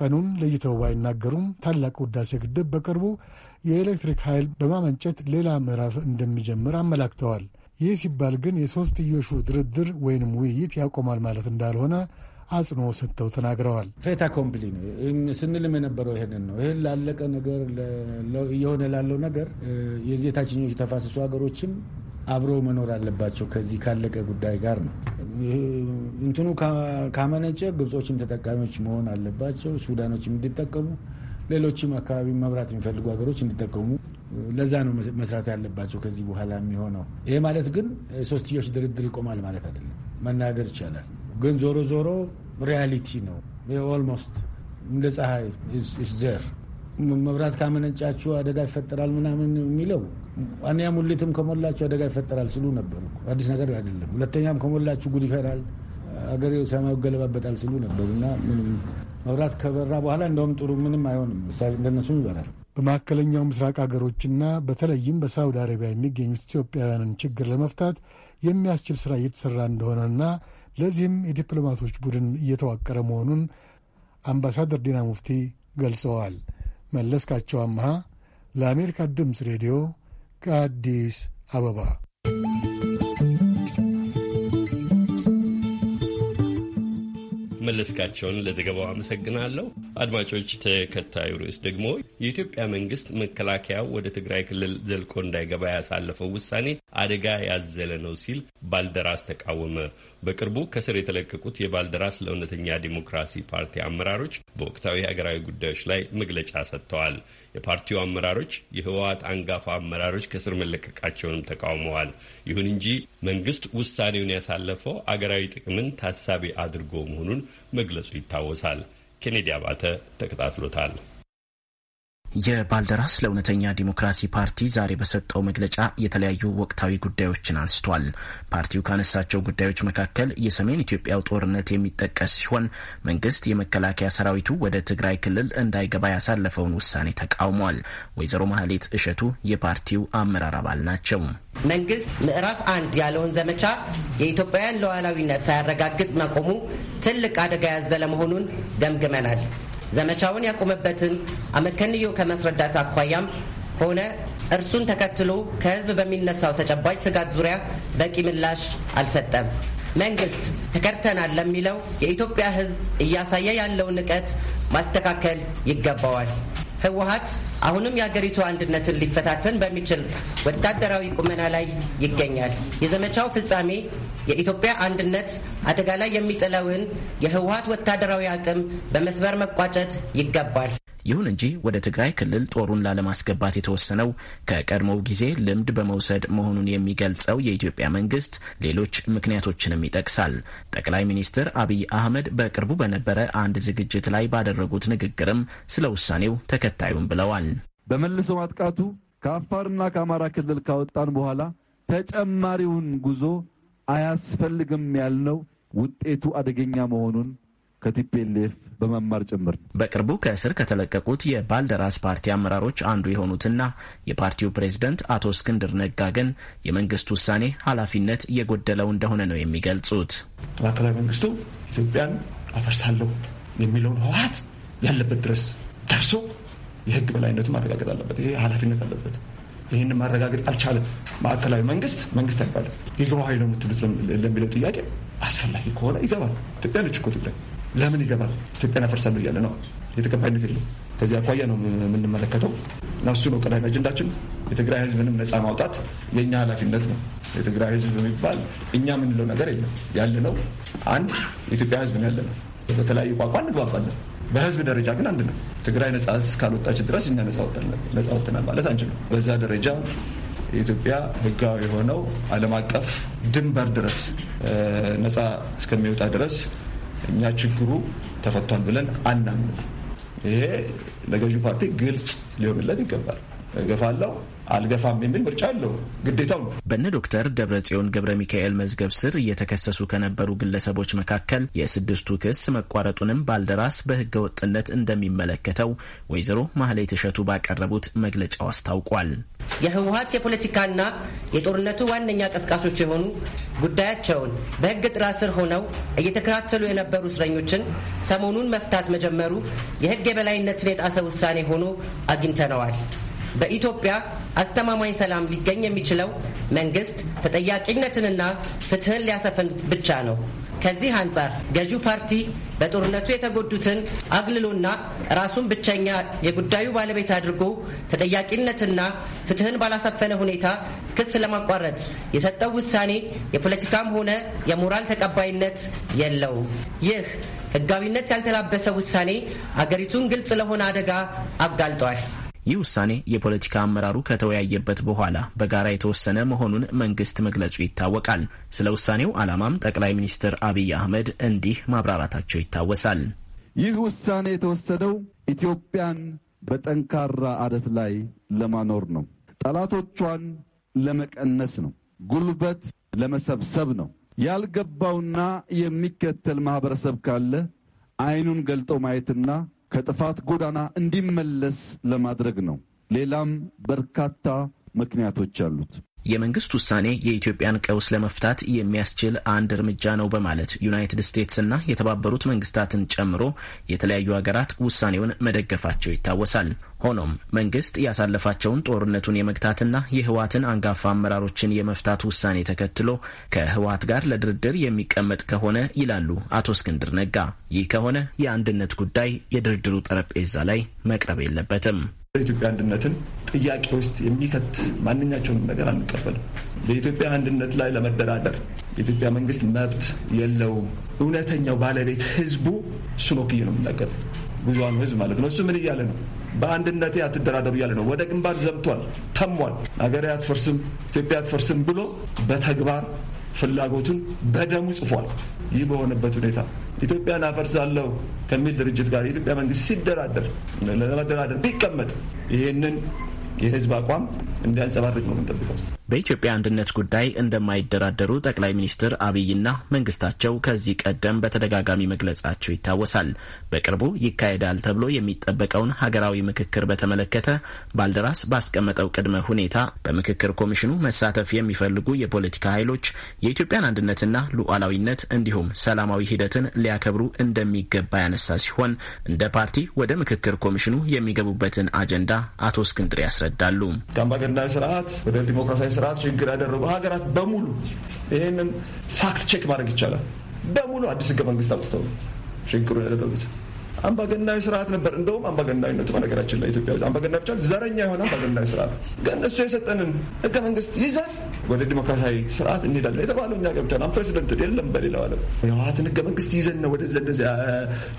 ቀኑን ለይተው ባይናገሩም ታላቁ ህዳሴ ግድብ በቅርቡ የኤሌክትሪክ ኃይል በማመንጨት ሌላ ምዕራፍ እንደሚጀምር አመላክተዋል። ይህ ሲባል ግን የሦስትዮሹ ድርድር ወይንም ውይይት ያቆማል ማለት እንዳልሆነ አጽኖ ሰጥተው ተናግረዋል። ፌታ ኮምፕሊ ነው ስንልም የነበረው ይሄንን ነው። ይህን ላለቀ ነገር እየሆነ ላለው ነገር የዚህ የታችኞቹ ተፋሰሱ ሀገሮችም አብሮ መኖር አለባቸው። ከዚህ ካለቀ ጉዳይ ጋር ነው እንትኑ ካመነጨ ግብጾችም ተጠቃሚዎች መሆን አለባቸው። ሱዳኖችም እንዲጠቀሙ፣ ሌሎችም አካባቢ መብራት የሚፈልጉ ሀገሮች እንዲጠቀሙ ለዛ ነው መስራት ያለባቸው ከዚህ በኋላ የሚሆነው። ይሄ ማለት ግን ሶስትዮሽ ድርድር ይቆማል ማለት አይደለም። መናገር ይቻላል። ግን ዞሮ ዞሮ ሪያሊቲ ነው። ኦልሞስት እንደ ፀሐይ ዘር መብራት ካመነጫችሁ አደጋ ይፈጠራል ምናምን የሚለው አንደኛ ሙሊትም ከሞላችሁ አደጋ ይፈጠራል ሲሉ ነበሩ። አዲስ ነገር አይደለም። ሁለተኛም ከሞላችሁ ጉድ ይፈራል፣ አገር ሰማዩ ገለባበጣል ሲሉ ነበሩ እና መብራት ከበራ በኋላ እንደውም ጥሩ ምንም አይሆንም፣ እንደነሱም ይበራል። በመካከለኛው ምስራቅ ሀገሮችና በተለይም በሳውዲ አረቢያ የሚገኙት ኢትዮጵያውያንን ችግር ለመፍታት የሚያስችል ስራ እየተሰራ እንደሆነና ለዚህም የዲፕሎማቶች ቡድን እየተዋቀረ መሆኑን አምባሳደር ዲና ሙፍቲ ገልጸዋል። መለስካቸው አምሃ ለአሜሪካ ድምፅ ሬዲዮ ከአዲስ አበባ መለስካቸውን ለዘገባው አመሰግናለሁ። አድማጮች፣ ተከታዩ ርዕስ ደግሞ የኢትዮጵያ መንግስት መከላከያው ወደ ትግራይ ክልል ዘልቆ እንዳይገባ ያሳለፈው ውሳኔ አደጋ ያዘለ ነው ሲል ባልደራስ ተቃወመ። በቅርቡ ከስር የተለቀቁት የባልደራስ ለእውነተኛ ዲሞክራሲ ፓርቲ አመራሮች በወቅታዊ ሀገራዊ ጉዳዮች ላይ መግለጫ ሰጥተዋል። የፓርቲው አመራሮች የህወሀት አንጋፋ አመራሮች ከስር መለቀቃቸውንም ተቃውመዋል። ይሁን እንጂ መንግስት ውሳኔውን ያሳለፈው አገራዊ ጥቅምን ታሳቢ አድርጎ መሆኑን መግለጹ ይታወሳል። ኬኔዲ አባተ ተከታትሎታል። የባልደራስ ለእውነተኛ ዲሞክራሲ ፓርቲ ዛሬ በሰጠው መግለጫ የተለያዩ ወቅታዊ ጉዳዮችን አንስቷል። ፓርቲው ካነሳቸው ጉዳዮች መካከል የሰሜን ኢትዮጵያው ጦርነት የሚጠቀስ ሲሆን መንግስት የመከላከያ ሰራዊቱ ወደ ትግራይ ክልል እንዳይገባ ያሳለፈውን ውሳኔ ተቃውሟል። ወይዘሮ ማህሌት እሸቱ የፓርቲው አመራር አባል ናቸው። መንግስት ምዕራፍ አንድ ያለውን ዘመቻ የኢትዮጵያውያን ሉዓላዊነት ሳያረጋግጥ መቆሙ ትልቅ አደጋ ያዘለ መሆኑን ገምግመናል። ዘመቻውን ያቆመበትን አመከንዮ ከመስረዳት አኳያም ሆነ እርሱን ተከትሎ ከህዝብ በሚነሳው ተጨባጭ ስጋት ዙሪያ በቂ ምላሽ አልሰጠም። መንግስት ተከርተናል ለሚለው የኢትዮጵያ ህዝብ እያሳየ ያለውን ንቀት ማስተካከል ይገባዋል። ህወሀት አሁንም የአገሪቱ አንድነትን ሊፈታተን በሚችል ወታደራዊ ቁመና ላይ ይገኛል። የዘመቻው ፍጻሜ የኢትዮጵያ አንድነት አደጋ ላይ የሚጥለውን የህወሀት ወታደራዊ አቅም በመስበር መቋጨት ይገባል። ይሁን እንጂ ወደ ትግራይ ክልል ጦሩን ላለማስገባት የተወሰነው ከቀድሞው ጊዜ ልምድ በመውሰድ መሆኑን የሚገልጸው የኢትዮጵያ መንግስት ሌሎች ምክንያቶችንም ይጠቅሳል። ጠቅላይ ሚኒስትር አብይ አህመድ በቅርቡ በነበረ አንድ ዝግጅት ላይ ባደረጉት ንግግርም ስለ ውሳኔው ተከታዩም ብለዋል። በመልሶ ማጥቃቱ ከአፋርና ከአማራ ክልል ካወጣን በኋላ ተጨማሪውን ጉዞ አያስፈልግም ያልነው ውጤቱ አደገኛ መሆኑን ከቲፒኤልኤፍ በመማር ጭምር ነው። በቅርቡ ከእስር ከተለቀቁት የባልደራስ ፓርቲ አመራሮች አንዱ የሆኑትና የፓርቲው ፕሬዝደንት አቶ እስክንድር ነጋ ግን የመንግስት ውሳኔ ኃላፊነት የጎደለው እንደሆነ ነው የሚገልጹት። ማዕከላዊ መንግስቱ ኢትዮጵያን አፈርሳለሁ የሚለውን ህወሀት ያለበት ድረስ ደርሶ የህግ በላይነቱ ማረጋገጥ አለበት። ይሄ ኃላፊነት አለበት። ይህን ማረጋገጥ አልቻለም ማዕከላዊ መንግስት መንግስት አይባልም። የግባ ኃይል ነው የምትሉት ለሚለው ጥያቄ አስፈላጊ ከሆነ ይገባል። ኢትዮጵያ ነች እኮ ትግራይ ለምን ይገባል? ኢትዮጵያን አፈርሳለሁ እያለ ነው። የተቀባይነት የለው። ከዚህ አኳያ ነው የምንመለከተው እና እሱ ነው ቀዳሚ አጀንዳችን። የትግራይ ህዝብንም ነፃ ማውጣት የእኛ ኃላፊነት ነው። የትግራይ ህዝብ የሚባል እኛ የምንለው ነገር የለም። ያለ ነው አንድ የኢትዮጵያ ህዝብ ነው ያለ ነው። በተለያዩ ቋንቋ እንግባባለን። በህዝብ ደረጃ ግን አንድ ነው። ትግራይ ነጻ እስካልወጣች ድረስ እኛ ነጻ ወጥተናል ማለት አንችልም። በዛ ደረጃ የኢትዮጵያ ህጋዊ የሆነው ዓለም አቀፍ ድንበር ድረስ ነጻ እስከሚወጣ ድረስ እኛ ችግሩ ተፈቷል ብለን አናምንም። ይሄ ለገዢው ፓርቲ ግልጽ ሊሆንለት ይገባል። ገፋለው አልገፋም የሚል ምርጫ አለው፣ ግዴታው ነው። በነ ዶክተር ደብረጽዮን ገብረ ሚካኤል መዝገብ ስር እየተከሰሱ ከነበሩ ግለሰቦች መካከል የስድስቱ ክስ መቋረጡንም ባልደራስ በህገ ወጥነት እንደሚመለከተው ወይዘሮ ማህሌት እሸቱ ባቀረቡት መግለጫው አስታውቋል። የህወሀት የፖለቲካና የጦርነቱ ዋነኛ ቀስቃሾች የሆኑ ጉዳያቸውን በህግ ጥላ ስር ሆነው እየተከታተሉ የነበሩ እስረኞችን ሰሞኑን መፍታት መጀመሩ የህግ የበላይነትን የጣሰ ውሳኔ ሆኖ አግኝተነዋል። በኢትዮጵያ አስተማማኝ ሰላም ሊገኝ የሚችለው መንግስት ተጠያቂነትንና ፍትህን ሊያሰፍን ብቻ ነው። ከዚህ አንጻር ገዢው ፓርቲ በጦርነቱ የተጎዱትን አግልሎና ራሱን ብቸኛ የጉዳዩ ባለቤት አድርጎ ተጠያቂነትና ፍትህን ባላሰፈነ ሁኔታ ክስ ለማቋረጥ የሰጠው ውሳኔ የፖለቲካም ሆነ የሞራል ተቀባይነት የለውም። ይህ ህጋዊነት ያልተላበሰ ውሳኔ አገሪቱን ግልጽ ለሆነ አደጋ አጋልጧል። ይህ ውሳኔ የፖለቲካ አመራሩ ከተወያየበት በኋላ በጋራ የተወሰነ መሆኑን መንግስት መግለጹ ይታወቃል። ስለ ውሳኔው ዓላማም ጠቅላይ ሚኒስትር አብይ አህመድ እንዲህ ማብራራታቸው ይታወሳል። ይህ ውሳኔ የተወሰደው ኢትዮጵያን በጠንካራ አደት ላይ ለማኖር ነው። ጠላቶቿን ለመቀነስ ነው። ጉልበት ለመሰብሰብ ነው። ያልገባውና የሚከተል ማህበረሰብ ካለ አይኑን ገልጦ ማየትና ከጥፋት ጎዳና እንዲመለስ ለማድረግ ነው። ሌላም በርካታ ምክንያቶች አሉት። የመንግስት ውሳኔ የኢትዮጵያን ቀውስ ለመፍታት የሚያስችል አንድ እርምጃ ነው በማለት ዩናይትድ ስቴትስና የተባበሩት መንግስታትን ጨምሮ የተለያዩ ሀገራት ውሳኔውን መደገፋቸው ይታወሳል። ሆኖም መንግስት ያሳለፋቸውን ጦርነቱን የመግታትና የህወሓትን አንጋፋ አመራሮችን የመፍታት ውሳኔ ተከትሎ ከህወሓት ጋር ለድርድር የሚቀመጥ ከሆነ ይላሉ አቶ እስክንድር ነጋ፣ ይህ ከሆነ የአንድነት ጉዳይ የድርድሩ ጠረጴዛ ላይ መቅረብ የለበትም። ለኢትዮጵያ አንድነትን ጥያቄ ውስጥ የሚከት ማንኛቸውንም ነገር አንቀበልም። በኢትዮጵያ አንድነት ላይ ለመደራደር የኢትዮጵያ መንግስት መብት የለውም። እውነተኛው ባለቤት ህዝቡ እሱ ነው ብዬ ነው የምናገር። ብዙሀኑ ህዝብ ማለት ነው። እሱ ምን እያለ ነው? በአንድነቴ አትደራደሩ እያለ ነው። ወደ ግንባር ዘምቷል፣ ተሟል። ሀገር አትፈርስም፣ ኢትዮጵያ አትፈርስም ብሎ በተግባር ፍላጎቱን በደሙ ጽፏል። ይህ በሆነበት ሁኔታ ኢትዮጵያን አፈርሳለሁ ከሚል ድርጅት ጋር የኢትዮጵያ መንግስት ሲደራደር ለመደራደር ቢቀመጥ ይሄንን የህዝብ አቋም እንዲያንጸባርቅ ነው ምንጠብቀው። በኢትዮጵያ አንድነት ጉዳይ እንደማይደራደሩ ጠቅላይ ሚኒስትር አብይና መንግስታቸው ከዚህ ቀደም በተደጋጋሚ መግለጻቸው ይታወሳል። በቅርቡ ይካሄዳል ተብሎ የሚጠበቀውን ሀገራዊ ምክክር በተመለከተ ባልደራስ ባስቀመጠው ቅድመ ሁኔታ በምክክር ኮሚሽኑ መሳተፍ የሚፈልጉ የፖለቲካ ኃይሎች የኢትዮጵያን አንድነትና ሉዓላዊነት እንዲሁም ሰላማዊ ሂደትን ሊያከብሩ እንደሚገባ ያነሳ ሲሆን እንደ ፓርቲ ወደ ምክክር ኮሚሽኑ የሚገቡበትን አጀንዳ አቶ እስክንድር ያስረዳል። ያስረዳሉ። ከአምባገናዊ ስርዓት ወደ ዲሞክራሲያዊ ስርዓት ሽግግር ያደረጉ ሀገራት በሙሉ ይህንን ፋክት ቼክ ማድረግ ይቻላል። በሙሉ አዲስ ህገ መንግስት አውጥተው ሽግግሩን ያደረጉት አምባገናዊ ስርዓት ነበር። እንደውም አምባገናዊነቱ በነገራችን ላይ ኢትዮጵያ አምባገናዊ ብቻ ዘረኛ የሆነ አምባገናዊ ስርዓት ግን እሱ የሰጠንን ህገ መንግስት ይዘን ወደ ዲሞክራሲያዊ ስርዓት እንሄዳለን የተባለው እኛ ገብተናል። ፕሬዚደንት የለም በሌላው ዓለም የህወሓትን ህገ መንግስት ይዘን ነው ወደ እንደዚያ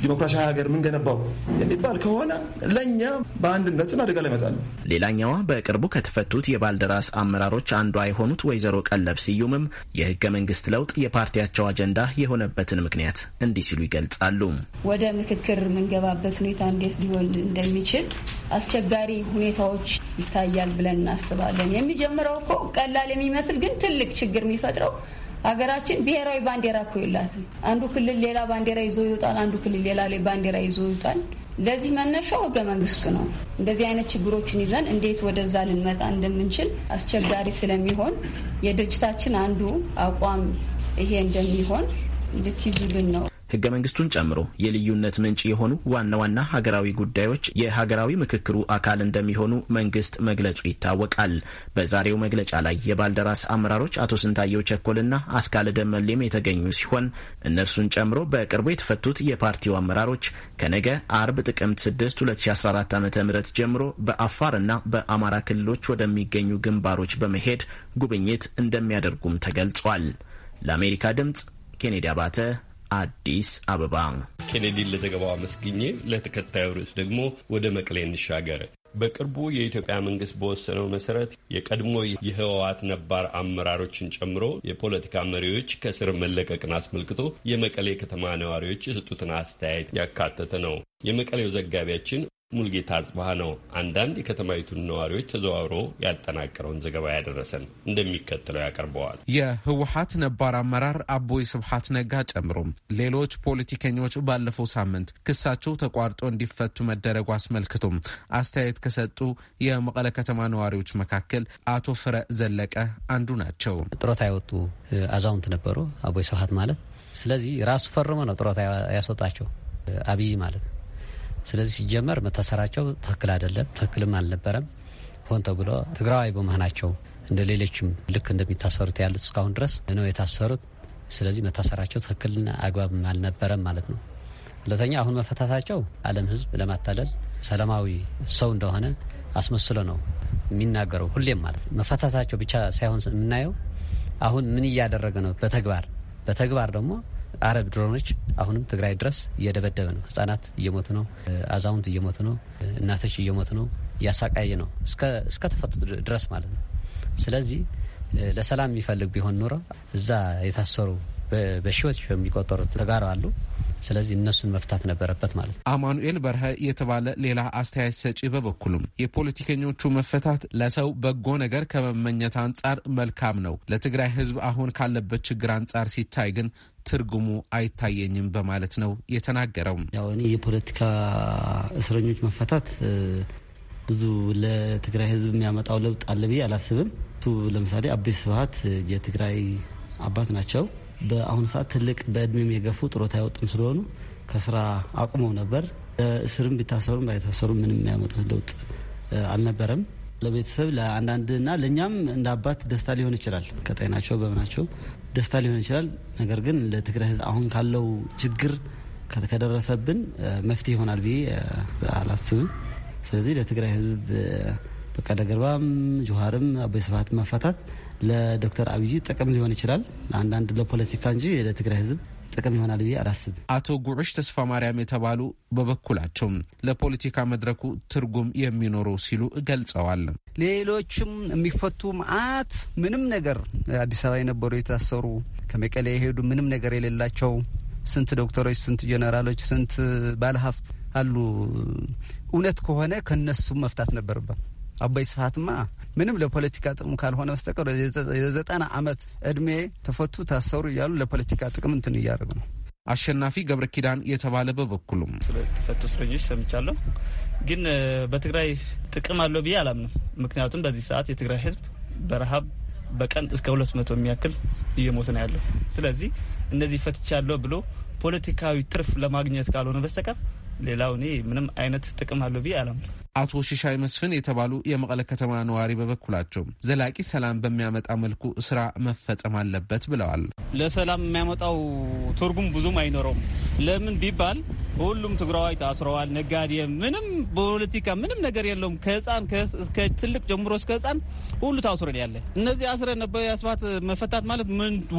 ዲሞክራሲያዊ ሀገር ምንገነባው የሚባል ከሆነ ለእኛ በአንድነቱን አደጋ ላይ ይመጣል። ሌላኛዋ በቅርቡ ከተፈቱት የባልደራስ አመራሮች አንዷ የሆኑት ወይዘሮ ቀለብ ስዩምም የህገ መንግስት ለውጥ የፓርቲያቸው አጀንዳ የሆነበትን ምክንያት እንዲህ ሲሉ ይገልጻሉ። ወደ ምክክር የምንገባበት ሁኔታ እንዴት ሊሆን እንደሚችል አስቸጋሪ ሁኔታዎች ይታያል ብለን እናስባለን። የሚጀምረው እኮ ቀላል የሚ የሚመስል ግን ትልቅ ችግር የሚፈጥረው ሀገራችን ብሔራዊ ባንዲራ እኮ የላትም። አንዱ ክልል ሌላ ባንዲራ ይዞ ይወጣል፣ አንዱ ክልል ሌላ ላይ ባንዲራ ይዞ ይወጣል። ለዚህ መነሻው ህገ መንግስቱ ነው። እንደዚህ አይነት ችግሮችን ይዘን እንዴት ወደዛ ልንመጣ እንደምንችል አስቸጋሪ ስለሚሆን የድርጅታችን አንዱ አቋም ይሄ እንደሚሆን እንድትይዙልን ነው ህገ መንግስቱን ጨምሮ የልዩነት ምንጭ የሆኑ ዋና ዋና ሀገራዊ ጉዳዮች የሀገራዊ ምክክሩ አካል እንደሚሆኑ መንግስት መግለጹ ይታወቃል። በዛሬው መግለጫ ላይ የባልደራስ አመራሮች አቶ ስንታየው ቸኮልና አስካለ ደመሌም የተገኙ ሲሆን እነርሱን ጨምሮ በቅርቡ የተፈቱት የፓርቲው አመራሮች ከነገ አርብ ጥቅምት 6 2014 ዓ ም ጀምሮ በአፋርና በአማራ ክልሎች ወደሚገኙ ግንባሮች በመሄድ ጉብኝት እንደሚያደርጉም ተገልጿል። ለአሜሪካ ድምፅ ኬኔዲ አባተ አዲስ አበባ። ኬኔዲን ለዘገባው አመስግኜ ለተከታዩ ርዕስ ደግሞ ወደ መቀሌ እንሻገር። በቅርቡ የኢትዮጵያ መንግስት በወሰነው መሰረት የቀድሞ የህወሓት ነባር አመራሮችን ጨምሮ የፖለቲካ መሪዎች ከስር መለቀቅን አስመልክቶ የመቀሌ ከተማ ነዋሪዎች የሰጡትን አስተያየት ያካተተ ነው። የመቀሌው ዘጋቢያችን ሙልጌታ አጽባህ ነው አንዳንድ የከተማይቱን ነዋሪዎች ተዘዋውሮ ያጠናቀረውን ዘገባ ያደረሰን እንደሚከተለው ያቀርበዋል። የህወሀት ነባር አመራር አቦይ ስብሀት ነጋ ጨምሮም ሌሎች ፖለቲከኞች ባለፈው ሳምንት ክሳቸው ተቋርጦ እንዲፈቱ መደረጉ አስመልክቶም አስተያየት ከሰጡ የመቀለ ከተማ ነዋሪዎች መካከል አቶ ፍረ ዘለቀ አንዱ ናቸው። ጥሮታ ያወጡ አዛውንት ነበሩ አቦይ ስብሀት ማለት። ስለዚህ ራሱ ፈርሞ ነው ጥሮታ ያስወጣቸው አብይ ማለት ነው ስለዚህ ሲጀመር መታሰራቸው ትክክል አይደለም፣ ትክክልም አልነበረም። ሆን ተብሎ ትግራዋይ በመሆናቸው እንደ ሌሎችም ልክ እንደሚታሰሩት ያሉት እስካሁን ድረስ ነው የታሰሩት። ስለዚህ መታሰራቸው ትክክልና አግባብም አልነበረም ማለት ነው። ሁለተኛ አሁን መፈታታቸው ዓለም ሕዝብ ለማታለል ሰላማዊ ሰው እንደሆነ አስመስሎ ነው የሚናገረው ሁሌም ማለት ነው። መፈታታቸው ብቻ ሳይሆን የምናየው አሁን ምን እያደረገ ነው በተግባር በተግባር ደግሞ አረብ ድሮኖች አሁንም ትግራይ ድረስ እየደበደበ ነው። ህጻናት እየሞቱ ነው። አዛውንት እየሞቱ ነው። እናቶች እየሞቱ ነው። እያሳቃየ ነው እስከ ተፈቱ ድረስ ማለት ነው። ስለዚህ ለሰላም የሚፈልግ ቢሆን ኑሮ እዛ የታሰሩ በሺዎች የሚቆጠሩ ተጋሩ አሉ። ስለዚህ እነሱን መፍታት ነበረበት ማለት ነው። አማኑኤል በርሀ የተባለ ሌላ አስተያየት ሰጪ በበኩሉም የፖለቲከኞቹ መፈታት ለሰው በጎ ነገር ከመመኘት አንጻር መልካም ነው፣ ለትግራይ ህዝብ አሁን ካለበት ችግር አንጻር ሲታይ ግን ትርጉሙ አይታየኝም በማለት ነው የተናገረው። ያው እኔ የፖለቲካ እስረኞች መፈታት ብዙ ለትግራይ ህዝብ የሚያመጣው ለውጥ አለ ብዬ አላስብም። ለምሳሌ አቤ ስብሀት የትግራይ አባት ናቸው። በአሁኑ ሰዓት ትልቅ በእድሜም የገፉ ጥሮታ አይወጡም ስለሆኑ ከስራ አቁመው ነበር። እስርም ቢታሰሩም ባይታሰሩም ምንም የሚያመጡት ለውጥ አልነበረም። ለቤተሰብ ለአንዳንድና ለእኛም እንደ አባት ደስታ ሊሆን ይችላል። ከጤናቸው በምናቸው ደስታ ሊሆን ይችላል። ነገር ግን ለትግራይ ሕዝብ አሁን ካለው ችግር ከደረሰብን መፍትሄ ይሆናል ብዬ አላስብም። ስለዚህ ለትግራይ ሕዝብ በቀለ ገርባም ጆሀርም አበይ ስብሀት ማፋታት ለዶክተር አብይ ጥቅም ሊሆን ይችላል ለአንዳንድ ለፖለቲካ እንጂ ለትግራይ ሕዝብ ጥቅም ይሆናል ብዬ አላስብም። አቶ ጉዑሽ ተስፋ ማርያም የተባሉ በበኩላቸው ለፖለቲካ መድረኩ ትርጉም የሚኖረው ሲሉ ገልጸዋል። ሌሎችም የሚፈቱ ማአት ምንም ነገር አዲስ አበባ የነበሩ የታሰሩ ከመቀሌ የሄዱ ምንም ነገር የሌላቸው ስንት ዶክተሮች፣ ስንት ጀነራሎች ስንት ባለሀብት አሉ። እውነት ከሆነ ከነሱም መፍታት ነበርበት። አባይ ስፋትማ ምንም ለፖለቲካ ጥቅም ካልሆነ በስተቀር የዘጠና ዓመት እድሜ ተፈቱ ታሰሩ እያሉ ለፖለቲካ ጥቅም እንትን እያደረጉ ነው። አሸናፊ ገብረ ኪዳን የተባለ በበኩሉም ስለተፈቱ እስረኞች ሰምቻለሁ፣ ግን በትግራይ ጥቅም አለው ብዬ አላምንም። ምክንያቱም በዚህ ሰዓት የትግራይ ህዝብ በረሃብ በቀን እስከ ሁለት መቶ የሚያክል እየሞት ነው ያለው። ስለዚህ እነዚህ ፈትቻለሁ ብሎ ፖለቲካዊ ትርፍ ለማግኘት ካልሆነ በስተቀር ሌላው እኔ ምንም አይነት ጥቅም አለው ብዬ አላምንም። አቶ ሽሻይ መስፍን የተባሉ የመቀለ ከተማ ነዋሪ በበኩላቸው ዘላቂ ሰላም በሚያመጣ መልኩ ስራ መፈጸም አለበት ብለዋል። ለሰላም የሚያመጣው ትርጉም ብዙም አይኖረውም። ለምን ቢባል ሁሉም ትግራዋይ ታስረዋል። ነጋዴ፣ ምንም ፖለቲካ ምንም ነገር የለውም። ከህፃን እስከ ትልቅ ጀምሮ እስከ ህፃን ሁሉ ታስረን ያለ እነዚህ አስረ ነበር ያስፋት መፈታት ማለት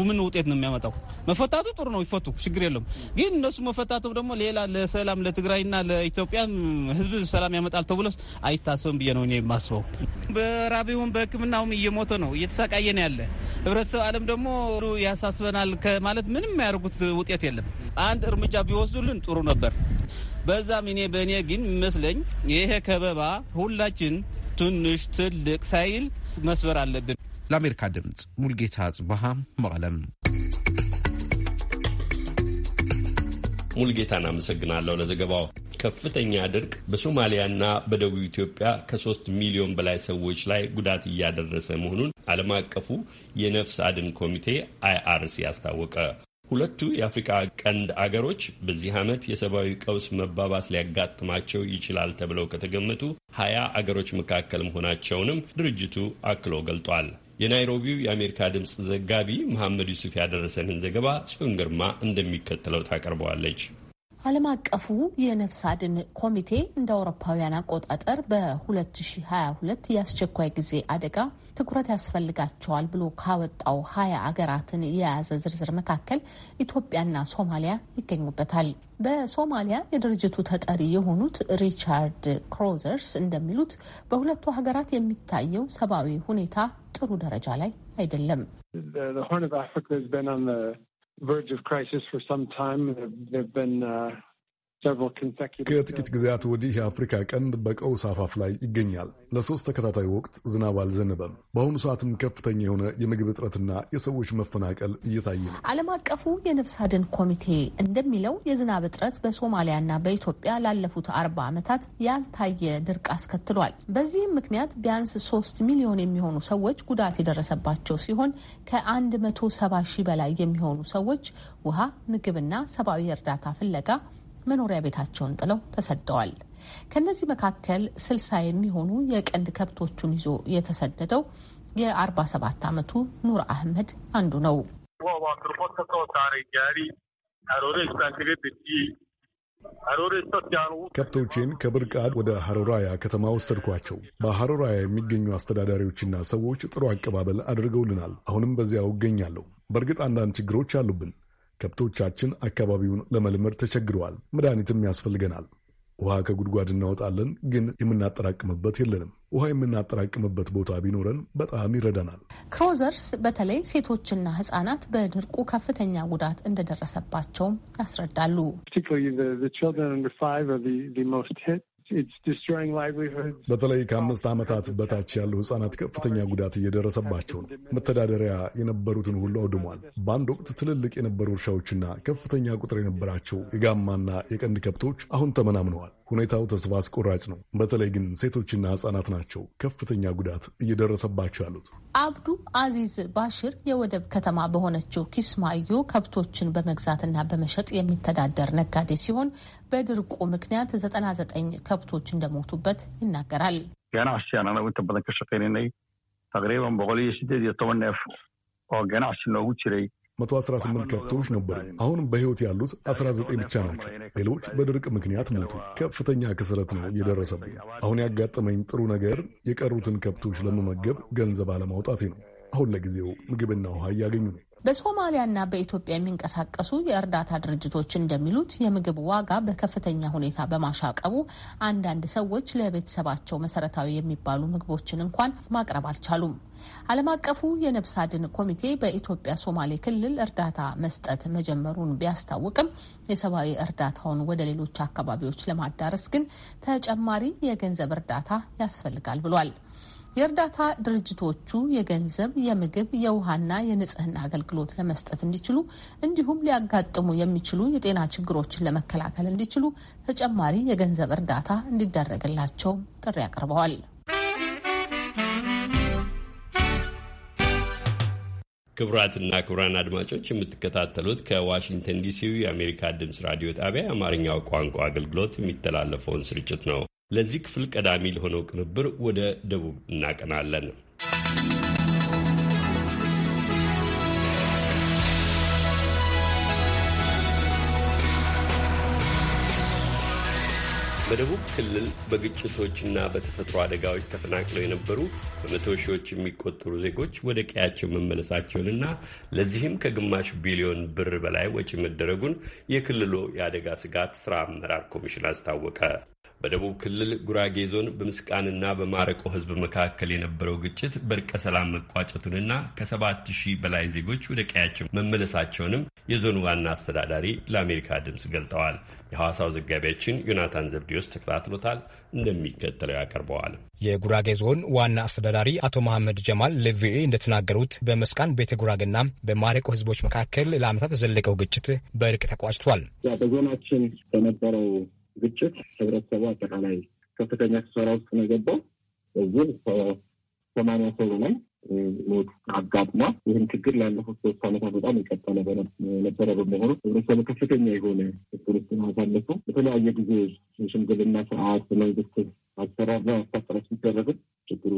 ምን ውጤት ነው የሚያመጣው? መፈታቱ ጥሩ ነው፣ ይፈቱ፣ ችግር የለውም። ግን እነሱ መፈታቱ ደግሞ ሌላ ለሰላም ለትግራይና ለኢትዮጵያ ህዝብ ሰላም ያመጣል ተብሎ ተብሎ አይታሰብም ብዬ ነው የማስበው። በራቢውም በህክምናውም እየሞተ ነው እየተሰቃየን ያለ ህብረተሰብ አለም ደግሞ ያሳስበናል ከማለት ምንም ያደርጉት ውጤት የለም። አንድ እርምጃ ቢወስዱልን ጥሩ ነበር። በዛም እኔ በእኔ ግን ይመስለኝ ይሄ ከበባ ሁላችን ትንሽ ትልቅ ሳይል መስበር አለብን። ለአሜሪካ ድምፅ ሙልጌታ ጽበሃ መቀለም ሙልጌታን አመሰግናለሁ ለዘገባው። ከፍተኛ ድርቅ በሶማሊያና በደቡብ ኢትዮጵያ ከሶስት ሚሊዮን በላይ ሰዎች ላይ ጉዳት እያደረሰ መሆኑን ዓለም አቀፉ የነፍስ አድን ኮሚቴ አይአርሲ አስታወቀ። ሁለቱ የአፍሪካ ቀንድ አገሮች በዚህ ዓመት የሰብአዊ ቀውስ መባባስ ሊያጋጥማቸው ይችላል ተብለው ከተገመቱ ሀያ አገሮች መካከል መሆናቸውንም ድርጅቱ አክሎ ገልጧል። የናይሮቢው የአሜሪካ ድምፅ ዘጋቢ መሐመድ ዩሱፍ ያደረሰንን ዘገባ ጽዮን ግርማ እንደሚከተለው ታቀርበዋለች። ዓለም አቀፉ የነፍስ አድን ኮሚቴ እንደ አውሮፓውያን አቆጣጠር በ2022 የአስቸኳይ ጊዜ አደጋ ትኩረት ያስፈልጋቸዋል ብሎ ካወጣው ሀያ አገራትን የያዘ ዝርዝር መካከል ኢትዮጵያና ሶማሊያ ይገኙበታል። በሶማሊያ የድርጅቱ ተጠሪ የሆኑት ሪቻርድ ክሮዘርስ እንደሚሉት በሁለቱ ሀገራት የሚታየው ሰብአዊ ሁኔታ ጥሩ ደረጃ ላይ አይደለም። verge of crisis for some time. There have been uh, ከጥቂት ጊዜያት ወዲህ የአፍሪካ ቀንድ በቀውስ አፋፍ ላይ ይገኛል። ለሶስት ተከታታይ ወቅት ዝናብ አልዘነበም። በአሁኑ ሰዓትም ከፍተኛ የሆነ የምግብ እጥረትና የሰዎች መፈናቀል እየታየ ነው። ዓለም አቀፉ የነፍስ አድን ኮሚቴ እንደሚለው የዝናብ እጥረት በሶማሊያና በኢትዮጵያ ላለፉት አርባ ዓመታት ያልታየ ድርቅ አስከትሏል። በዚህም ምክንያት ቢያንስ ሶስት ሚሊዮን የሚሆኑ ሰዎች ጉዳት የደረሰባቸው ሲሆን ከአንድ መቶ ሰባ ሺህ በላይ የሚሆኑ ሰዎች ውሃ፣ ምግብና ሰብአዊ እርዳታ ፍለጋ መኖሪያ ቤታቸውን ጥለው ተሰደዋል። ከእነዚህ መካከል ስልሳ የሚሆኑ የቀንድ ከብቶቹን ይዞ የተሰደደው የአርባ ሰባት አመቱ ኑር አህመድ አንዱ ነው። ከብቶቼን ከብርቃድ ወደ ሀሮራያ ከተማ ወሰድኳቸው። በሀሮራያ የሚገኙ አስተዳዳሪዎችና ሰዎች ጥሩ አቀባበል አድርገውልናል። አሁንም በዚያው እገኛለሁ። በእርግጥ አንዳንድ ችግሮች አሉብን። ከብቶቻችን አካባቢውን ለመልመድ ተቸግረዋል። መድኃኒትም ያስፈልገናል። ውሃ ከጉድጓድ እናወጣለን፣ ግን የምናጠራቅምበት የለንም። ውሃ የምናጠራቅምበት ቦታ ቢኖረን በጣም ይረዳናል። ክሮዘርስ በተለይ ሴቶችና ሕጻናት በድርቁ ከፍተኛ ጉዳት እንደደረሰባቸውም ያስረዳሉ። በተለይ ከአምስት ዓመታት በታች ያሉ ህጻናት ከፍተኛ ጉዳት እየደረሰባቸው ነው። መተዳደሪያ የነበሩትን ሁሉ አውድሟል። በአንድ ወቅት ትልልቅ የነበሩ እርሻዎችና ከፍተኛ ቁጥር የነበራቸው የጋማና የቀንድ ከብቶች አሁን ተመናምነዋል። ሁኔታው ተስፋ አስቆራጭ ነው። በተለይ ግን ሴቶችና ህጻናት ናቸው ከፍተኛ ጉዳት እየደረሰባቸው ያሉት። አብዱ አዚዝ ባሽር የወደብ ከተማ በሆነችው ኪስማዮ ከብቶችን በመግዛትና በመሸጥ የሚተዳደር ነጋዴ ሲሆን በድርቁ ምክንያት ዘጠና ዘጠኝ ከብቶች እንደሞቱበት ይናገራል። ገናሲ 118 ከብቶች ነበሩ። አሁን በሕይወት ያሉት 19 ብቻ ናቸው። ሌሎች በድርቅ ምክንያት ሞቱ። ከፍተኛ ክስረት ነው የደረሰብኝ። አሁን ያጋጠመኝ ጥሩ ነገር የቀሩትን ከብቶች ለመመገብ ገንዘብ አለማውጣቴ ነው። አሁን ለጊዜው ምግብና ውሃ እያገኙ ነው። በሶማሊያና በኢትዮጵያ የሚንቀሳቀሱ የእርዳታ ድርጅቶች እንደሚሉት የምግብ ዋጋ በከፍተኛ ሁኔታ በማሻቀቡ አንዳንድ ሰዎች ለቤተሰባቸው መሰረታዊ የሚባሉ ምግቦችን እንኳን ማቅረብ አልቻሉም። ዓለም አቀፉ የነፍስ አድን ኮሚቴ በኢትዮጵያ ሶማሌ ክልል እርዳታ መስጠት መጀመሩን ቢያስታውቅም የሰብአዊ እርዳታውን ወደ ሌሎች አካባቢዎች ለማዳረስ ግን ተጨማሪ የገንዘብ እርዳታ ያስፈልጋል ብሏል። የእርዳታ ድርጅቶቹ የገንዘብ፣ የምግብ፣ የውሃና የንጽህና አገልግሎት ለመስጠት እንዲችሉ እንዲሁም ሊያጋጥሙ የሚችሉ የጤና ችግሮችን ለመከላከል እንዲችሉ ተጨማሪ የገንዘብ እርዳታ እንዲደረግላቸው ጥሪ አቅርበዋል። ክቡራትና ክቡራን አድማጮች የምትከታተሉት ከዋሽንግተን ዲሲው የአሜሪካ ድምፅ ራዲዮ ጣቢያ የአማርኛው ቋንቋ አገልግሎት የሚተላለፈውን ስርጭት ነው። ለዚህ ክፍል ቀዳሚ ለሆነው ቅንብር ወደ ደቡብ እናቀናለን። በደቡብ ክልል በግጭቶችና በተፈጥሮ አደጋዎች ተፈናቅለው የነበሩ በመቶ ሺዎች የሚቆጠሩ ዜጎች ወደ ቀያቸው መመለሳቸውንና ለዚህም ከግማሽ ቢሊዮን ብር በላይ ወጪ መደረጉን የክልሉ የአደጋ ስጋት ስራ አመራር ኮሚሽን አስታወቀ። በደቡብ ክልል ጉራጌ ዞን በምስቃንና በማረቆ ህዝብ መካከል የነበረው ግጭት በእርቀ ሰላም መቋጨቱንና ከሰባት ሺህ በላይ ዜጎች ወደ ቀያቸው መመለሳቸውንም የዞኑ ዋና አስተዳዳሪ ለአሜሪካ ድምፅ ገልጠዋል። የሐዋሳው ዘጋቢያችን ዮናታን ዘብዲዮስ ተከታትሎታል፣ እንደሚከተለው ያቀርበዋል። የጉራጌ ዞን ዋና አስተዳዳሪ አቶ መሐመድ ጀማል ለቪኦኤ እንደተናገሩት በመስቃን ቤተ ጉራጌና በማረቆ ህዝቦች መካከል ለዓመታት የዘለቀው ግጭት በእርቅ ተቋጭቷል። በዞናችን በነበረው ግጭት ህብረተሰቡ አጠቃላይ ከፍተኛ ስሰራ ውስጥ ነው የገባው። እዚህ ሰማንያ ሰው በላይ ሞት አጋጥሟ ይህም ችግር ላለፉት ሶስት ዓመታት በጣም የቀጠለ ነበረ በመሆኑ ህብረተሰቡ ከፍተኛ የሆነ ቱሪስትን አሳለፉ። በተለያየ ጊዜ ሽምግልና ስርዓት መንግስት አሰራርና መፍታት ሲደረግም ችግሩ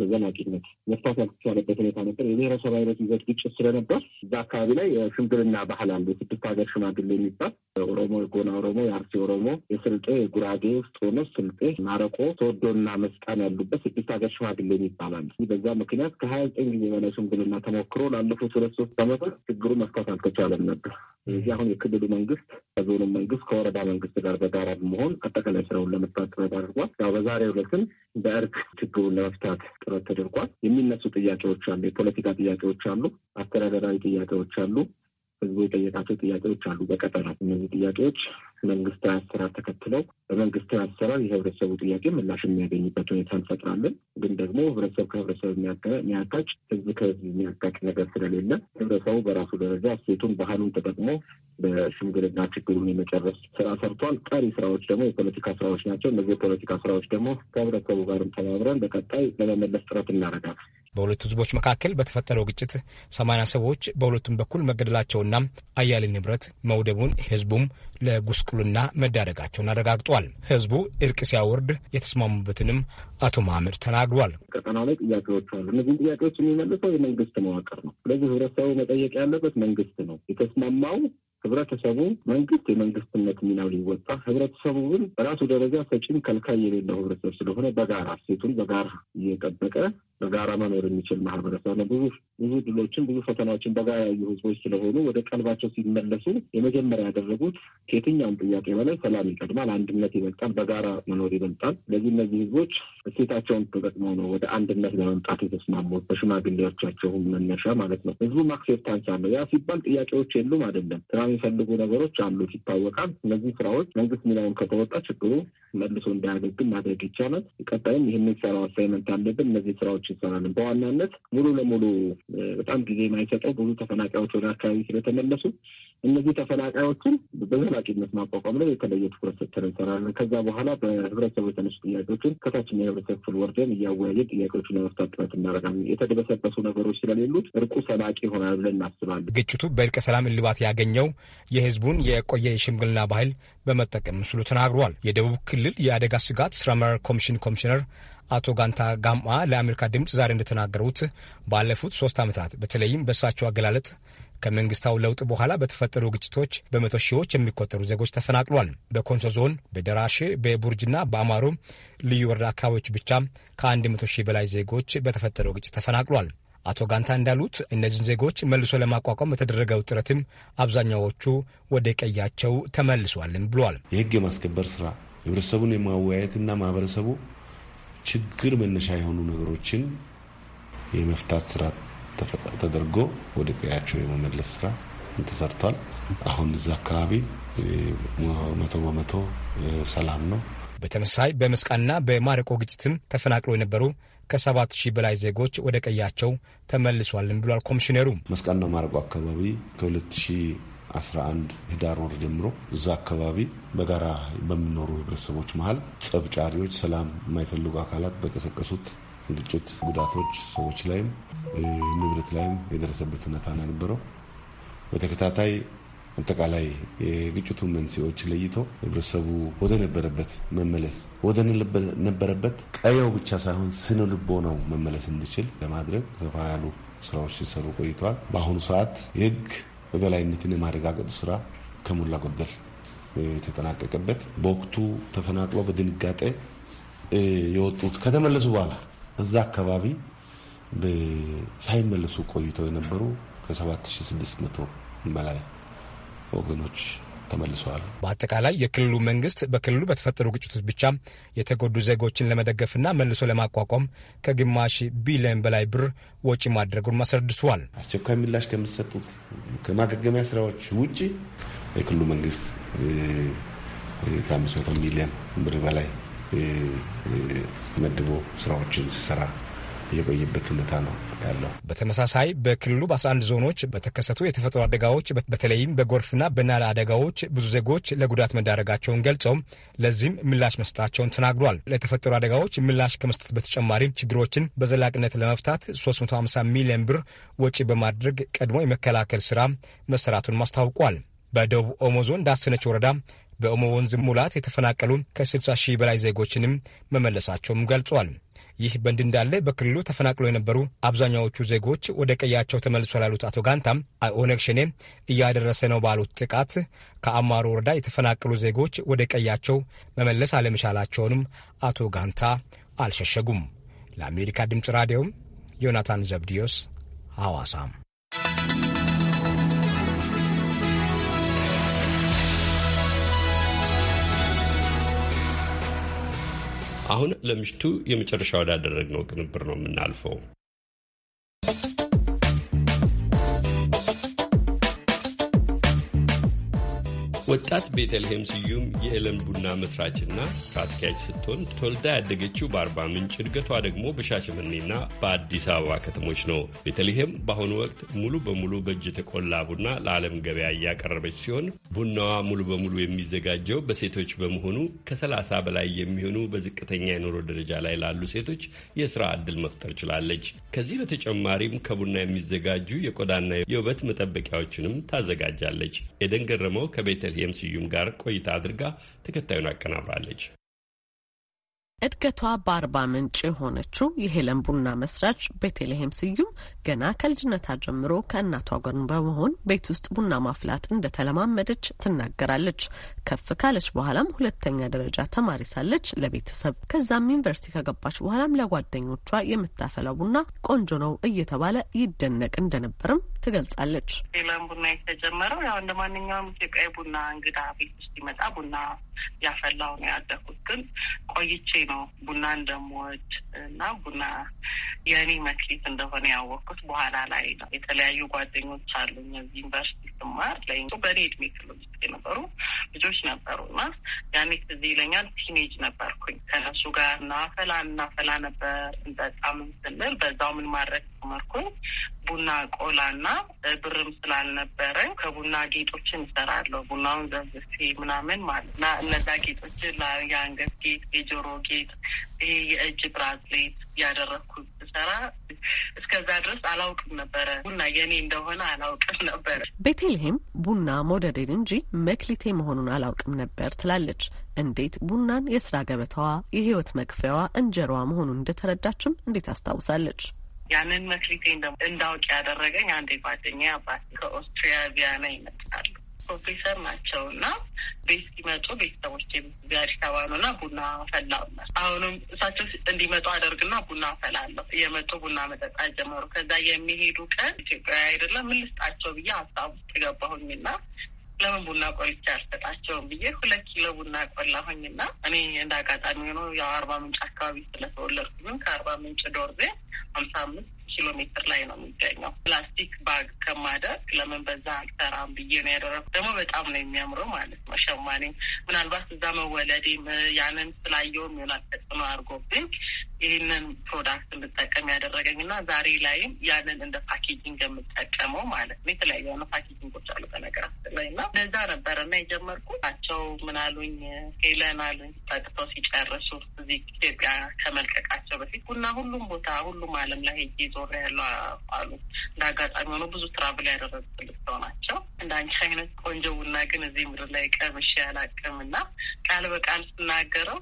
በዘላቂነት መፍታት ያልተቻለበት ሁኔታ ነበር። የብሔረሰብ አይነት ይዘት ግጭት ስለነበር እዛ አካባቢ ላይ የሽምግልና ባህል አለ። የስድስት ሀገር ሽማግሌ የሚባል ኦሮሞ፣ የጎና ኦሮሞ፣ የአርሲ ኦሮሞ፣ የስልጤ፣ የጉራጌ፣ ስጦነስ፣ ስልጤ፣ ማረቆ፣ ተወዶና መስቃን ያሉበት ስድስት ሀገር ሽማግሌ የሚባል አለ። በዛ ምክንያት ከሀያ ዘጠኝ ጊዜ የሆነ ሽምግልና ተሞክሮ ላለፉት ሁለት ሶስት ዓመታት ችግሩ መፍታት አልተቻለም ነበር። ስለዚህ አሁን የክልሉ መንግስት ከዞኑ መንግስት ከወረዳ መንግስት ጋር በጋራ በመሆን አጠቃላይ ስራውን ለመፍታት ጥረት አድርጓል። በዛሬ ዕለትም በእርቅ ችግሩን ለመፍታት ጥረት ተደርጓል። የሚነሱ ጥያቄዎች አሉ። የፖለቲካ ጥያቄዎች አሉ። አስተዳደራዊ ጥያቄዎች አሉ። ህዝቡ የጠየቃቸው ጥያቄዎች አሉ። በቀጠና እነዚህ ጥያቄዎች መንግስታዊ አሰራር ተከትለው በመንግስታዊ አሰራር የህብረተሰቡ ጥያቄ ምላሽ የሚያገኝበት ሁኔታ እንፈጥራለን። ግን ደግሞ ህብረተሰብ ከህብረተሰብ የሚያጋጭ ህዝብ ከህዝብ የሚያጋጭ ነገር ስለሌለ ህብረተሰቡ በራሱ ደረጃ እሴቱን፣ ባህሉን ተጠቅሞ በሽምግልና ችግሩን የመጨረስ ስራ ሰርቷል። ቀሪ ስራዎች ደግሞ የፖለቲካ ስራዎች ናቸው። እነዚህ የፖለቲካ ስራዎች ደግሞ ከህብረተሰቡ ጋርም ተባብረን በቀጣይ ለመመለስ ጥረት እናደርጋለን። በሁለቱ ህዝቦች መካከል በተፈጠረው ግጭት ሰማንያ ሰዎች በሁለቱም በኩል መገደላቸውና አያሌ ንብረት መውደቡን ህዝቡም ለጉስቁልና መዳረጋቸውን አረጋግጧል። ህዝቡ እርቅ ሲያወርድ የተስማሙበትንም አቶ ማህመድ ተናግሯል። ቀጠና ላይ ጥያቄዎች አሉ። እነዚህ ጥያቄዎች የሚመልሰው የመንግስት መዋቅር ነው። ስለዚህ ህብረተሰቡ መጠየቅ ያለበት መንግስት ነው የተስማማው ህብረተሰቡ መንግስት የመንግስትነት ሚናው ሊወጣ ህብረተሰቡ ግን በራሱ ደረጃ ሰጪም ከልካይ የሌለው ህብረተሰብ ስለሆነ በጋራ ሴቱን በጋራ እየጠበቀ በጋራ መኖር የሚችል ማህበረሰብ ነው። ብዙ ብዙ ድሎችን ብዙ ፈተናዎችን በጋራ ያዩ ህዝቦች ስለሆኑ ወደ ቀልባቸው ሲመለሱ የመጀመሪያ ያደረጉት ከየትኛውም ጥያቄ በላይ ሰላም ይቀድማል፣ አንድነት ይበልጣል፣ በጋራ መኖር ይበልጣል። ስለዚህ እነዚህ ህዝቦች እሴታቸውን ተጠቅመው ነው ወደ አንድነት ለመምጣት የተስማሙት በሽማግሌዎቻቸውም መነሻ ማለት ነው። ህዝቡ አክሴፕታንስ አለው። ያ ሲባል ጥያቄዎች የሉም አይደለም። ስራ የሚፈልጉ ነገሮች አሉት ይታወቃል። እነዚህ ስራዎች መንግስት ሚናውን ከተወጣ ችግሩ መልሶ እንዳያገግም ማድረግ ይቻላል። ቀጣይም ይህንን ሰራ አሳይመንት አለብን እነዚህ ስራዎች ይባላል። በዋናነት ሙሉ ለሙሉ በጣም ጊዜ የማይሰጠው ብዙ ተፈናቃዮች ወደ አካባቢ ስለተመለሱ እነዚህ ተፈናቃዮችን በዘላቂነት ማቋቋም ላይ የተለየ ትኩረት ሰጥተን እንሰራለን። ከዛ በኋላ በህብረተሰቡ የተነሱ ጥያቄዎችን ከታችኛ የህብረተሰብ ክፍል ወርደን እያወያየን ጥያቄዎችን ለመፍታት ጥረት እናደርጋለን። የተደበሰበሱ ነገሮች ስለሌሉት እርቁ ሰላቂ ይሆናል ብለን እናስባለን። ግጭቱ በእርቀ ሰላም እልባት ያገኘው የህዝቡን የቆየ የሽምግልና ባህል በመጠቀም ምስሉ ተናግሯል። የደቡብ ክልል የአደጋ ስጋት ስራ አመራር ኮሚሽን ኮሚሽነር አቶ ጋንታ ጋማ ለአሜሪካ ድምፅ ዛሬ እንደተናገሩት ባለፉት ሶስት ዓመታት በተለይም በእሳቸው አገላለጥ ከመንግስታው ለውጥ በኋላ በተፈጠሩ ግጭቶች በመቶ ሺዎች የሚቆጠሩ ዜጎች ተፈናቅሏል። በኮንሶ ዞን በደራሼ በቡርጅና በአማሮ ልዩ ወረዳ አካባቢዎች ብቻ ከአንድ መቶ ሺህ በላይ ዜጎች በተፈጠረው ግጭት ተፈናቅሏል። አቶ ጋንታ እንዳሉት እነዚህን ዜጎች መልሶ ለማቋቋም በተደረገው ጥረትም አብዛኛዎቹ ወደ ቀያቸው ተመልሷልም ብሏል። የህግ የማስከበር ስራ ህብረተሰቡን የማወያየትና ማህበረሰቡ ችግር መነሻ የሆኑ ነገሮችን የመፍታት ስራ ተደርጎ ወደ ቀያቸው የመመለስ ስራ ተሰርቷል። አሁን እዛ አካባቢ መቶ በመቶ ሰላም ነው። በተመሳሳይ በመስቃንና በማረቆ ግጭትም ተፈናቅሎ የነበሩ ከሰባት ሺህ በላይ ዜጎች ወደ ቀያቸው ተመልሷልን ብሏል ኮሚሽነሩ። መስቃንና ማረቆ አካባቢ ከሁለት ሺህ 11 ህዳር ወር ጀምሮ እዛ አካባቢ በጋራ በሚኖሩ ህብረተሰቦች መሀል ጸብጫሪዎች፣ ሰላም የማይፈልጉ አካላት በቀሰቀሱት ግጭት ጉዳቶች ሰዎች ላይም ንብረት ላይም የደረሰበት ሁኔታ ነው የነበረው። በተከታታይ አጠቃላይ የግጭቱ መንስኤዎች ለይቶ ህብረተሰቡ ወደ ነበረበት መመለስ ወደ ነበረበት ቀየው ብቻ ሳይሆን ስነ ልቦ ነው መመለስ እንዲችል ለማድረግ ሰፋ ያሉ ስራዎች ሲሰሩ ቆይተዋል። በአሁኑ ሰዓት የህግ በበላይነትን የማረጋገጥ ስራ ከሞላ ጎደል የተጠናቀቀበት በወቅቱ ተፈናቅሎ በድንጋጤ የወጡት ከተመለሱ በኋላ እዛ አካባቢ ሳይመለሱ ቆይተው የነበሩ ከ7600 በላይ ወገኖች ተመልሰዋል። በአጠቃላይ የክልሉ መንግስት በክልሉ በተፈጠሩ ግጭቶች ብቻ የተጎዱ ዜጎችን ለመደገፍና መልሶ ለማቋቋም ከግማሽ ቢሊዮን በላይ ብር ወጪ ማድረጉን አስረድሷል። አስቸኳይ ምላሽ ከሚሰጡት ከማገገሚያ ስራዎች ውጭ የክልሉ መንግስት ከአምስት መቶ ሚሊዮን ብር በላይ መድቦ ስራዎችን ሲሰራ የቆየበት ሁኔታ ነው አደርጋለሁ። በተመሳሳይ በክልሉ በ11 ዞኖች በተከሰቱ የተፈጥሮ አደጋዎች በተለይም በጎርፍና በናል አደጋዎች ብዙ ዜጎች ለጉዳት መዳረጋቸውን ገልጸው ለዚህም ምላሽ መስጠታቸውን ተናግሯል። ለተፈጠሩ አደጋዎች ምላሽ ከመስጠት በተጨማሪ ችግሮችን በዘላቂነት ለመፍታት 350 ሚሊዮን ብር ወጪ በማድረግ ቀድሞ የመከላከል ስራ መሰራቱን ማስታውቋል። በደቡብ ኦሞ ዞን ዳሰነች ወረዳ በኦሞ ወንዝ ሙላት የተፈናቀሉ ከ60 ሺህ በላይ ዜጎችንም መመለሳቸውም ገልጿል። ይህ በእንዲህ እንዳለ በክልሉ ተፈናቅለው የነበሩ አብዛኛዎቹ ዜጎች ወደ ቀያቸው ተመልሶ ላሉት አቶ ጋንታም ኦነግ ሸኔ እያደረሰ ነው ባሉት ጥቃት ከአማሮ ወረዳ የተፈናቀሉ ዜጎች ወደ ቀያቸው መመለስ አለመቻላቸውንም አቶ ጋንታ አልሸሸጉም። ለአሜሪካ ድምፅ ራዲዮም ዮናታን ዘብዲዮስ ሐዋሳም አሁን ለምሽቱ የመጨረሻ ወዳደረግነው ቅንብር ነው የምናልፈው። ወጣት ቤተልሔም ስዩም የዕለን ቡና መስራችና ከአስኪያጅ ስትሆን ተወልዳ ያደገችው በአርባ ምንጭ፣ እድገቷ ደግሞ በሻሸመኔና በአዲስ አበባ ከተሞች ነው። ቤተልሔም በአሁኑ ወቅት ሙሉ በሙሉ በእጅ የተቆላ ቡና ለዓለም ገበያ እያቀረበች ሲሆን ቡናዋ ሙሉ በሙሉ የሚዘጋጀው በሴቶች በመሆኑ ከሰላሳ በላይ የሚሆኑ በዝቅተኛ የኑሮ ደረጃ ላይ ላሉ ሴቶች የስራ ዕድል መፍጠር ችላለች። ከዚህ በተጨማሪም ከቡና የሚዘጋጁ የቆዳና የውበት መጠበቂያዎችንም ታዘጋጃለች። ኤደን ገረመው ከቤተልሔም ከስዩም ስዩም ጋር ቆይታ አድርጋ ተከታዩን አቀናብራለች። እድገቷ በአርባ ምንጭ የሆነችው የሄለን ቡና መስራች ቤተልሔም ስዩም ገና ከልጅነቷ ጀምሮ ከእናቷ ጎን በመሆን ቤት ውስጥ ቡና ማፍላት እንደተለማመደች ትናገራለች። ከፍ ካለች በኋላም ሁለተኛ ደረጃ ተማሪ ሳለች ለቤተሰብ ከዛም ዩኒቨርሲቲ ከገባች በኋላም ለጓደኞቿ የምታፈላው ቡና ቆንጆ ነው እየተባለ ይደነቅ እንደነበርም ትገልጻለች። ሌላም ቡና የተጀመረው ያው እንደ ማንኛውም ኢትዮጵያዊ ቡና እንግዳ ቤት ውስጥ ይመጣ ቡና ያፈላሁ ነው ያደኩት። ግን ቆይቼ ነው ቡና እንደምወድ እና ቡና የእኔ መክሊት እንደሆነ ያወቅኩት በኋላ ላይ ነው። የተለያዩ ጓደኞች አሉ እዚህ ዩኒቨርሲቲ ስማር ላይ በእኔ እድሜ ክልል ውስጥ የነበሩ ልጆች ነበሩ እና ያኔ ትዝ ይለኛል ቲኔጅ ነበርኩኝ። ከነሱ ጋር እናፈላ እናፈላ ነበር በጣም ስንል በዛው ምን ማድረግ ተመርኩኝ ቡና ቆላና ብርም ስላልነበረ ከቡና ጌጦችን እሰራለሁ ቡናውን ዘብሴ ምናምን ማለት እነዛ ጌጦች የአንገት ጌጥ፣ የጆሮ ጌጥ፣ ይሄ የእጅ ብራዝሌት ያደረግኩት ስሰራ እስከዛ ድረስ አላውቅም ነበረ። ቡና የኔ እንደሆነ አላውቅም ነበር። ቤቴልሄም ቡና መውደዴን እንጂ መክሊቴ መሆኑን አላውቅም ነበር ትላለች። እንዴት ቡናን የስራ ገበታዋ፣ የህይወት መክፈያዋ፣ እንጀራዋ መሆኑን እንደተረዳችም እንዴት አስታውሳለች። ያንን መክሊቴ እንዳውቅ ያደረገኝ አንዴ ጓደኛ አባት ከኦስትሪያ ቪያና ይመጣሉ ፕሮፌሰር ናቸው እና ቤት ሲመጡ ቤተሰቦች አዲስ አበባ ነው እና ቡና ፈላው። አሁንም እሳቸው እንዲመጡ አደርግና ቡና ፈላለሁ። የመጡ ቡና መጠጣት ጀመሩ። ከዛ የሚሄዱ ቀን ኢትዮጵያ አይደለም ምን ልስጣቸው ብዬ ሀሳብ ውስጥ ገባሁኝና ለምን ቡና ቆልቼ አልሰጣቸውም ብዬ ሁለት ኪሎ ቡና ቆላሁኝና እኔ እንደ አጋጣሚ ሆኖ ያው አርባ ምንጭ አካባቢ ስለተወለድኩኝ ከአርባ ምንጭ ዶርዜ ሀምሳ አምስት ኪሎ ሜትር ላይ ነው የሚገኘው። ፕላስቲክ ባግ ከማደርግ ለምን በዛ አልሰራም ብዬ ነው ያደረኩት። ደግሞ በጣም ነው የሚያምረው ማለት ነው። ሸማኔም ምናልባት እዛ መወለዴም ያንን ስላየውም ይሆናል ተጽዕኖ አድርጎብኝ ይህንን ፕሮዳክት እንድጠቀም ያደረገኝ እና ዛሬ ላይም ያንን እንደ ፓኬጂንግ የምጠቀመው ማለት ነው። የተለያዩ የሆነ ፓኬጂንጎች አሉ በነገራችን ላይ እና እንደዛ ነበረ እና የጀመርኩባቸው ምናሉኝ ሄለን አሉኝ ጠቅተው ሲጨርሱ እዚህ ኢትዮጵያ ከመልቀቃቸው በፊት ቡና ሁሉም ቦታ ሁሉም ዓለም ላይ ሄጄ አብሬ ያለው አሉ። እንደ አጋጣሚ ሆኖ ብዙ ትራቭል ያደረጉልኝ ሰው ናቸው። እንደ አንቺ አይነት ቆንጆ ቡና ግን እዚህ ምድር ላይ ቀምሼ አላውቅም እና ቃል በቃል ስናገረው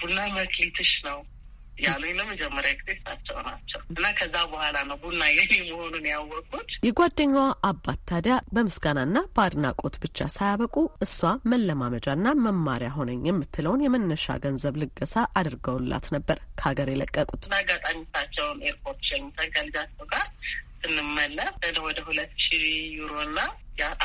ቡና መክሊትሽ ነው ያሉኝ ለመጀመሪያ ጊዜ እሳቸው ናቸው እና ከዛ በኋላ ነው ቡና የኔ መሆኑን ያወቁት። የጓደኛዋ አባት ታዲያ በምስጋናና በአድናቆት ብቻ ሳያበቁ እሷ መለማመጃና መማሪያ ሆነኝ የምትለውን የመነሻ ገንዘብ ልገሳ አድርገውላት ነበር ከሀገር የለቀቁት። አጋጣሚ እሳቸውን ኤርፖርት ሸኝተን ከልጃቸው ጋር ስንመለስ ወደ ሁለት ሺ ዩሮ እና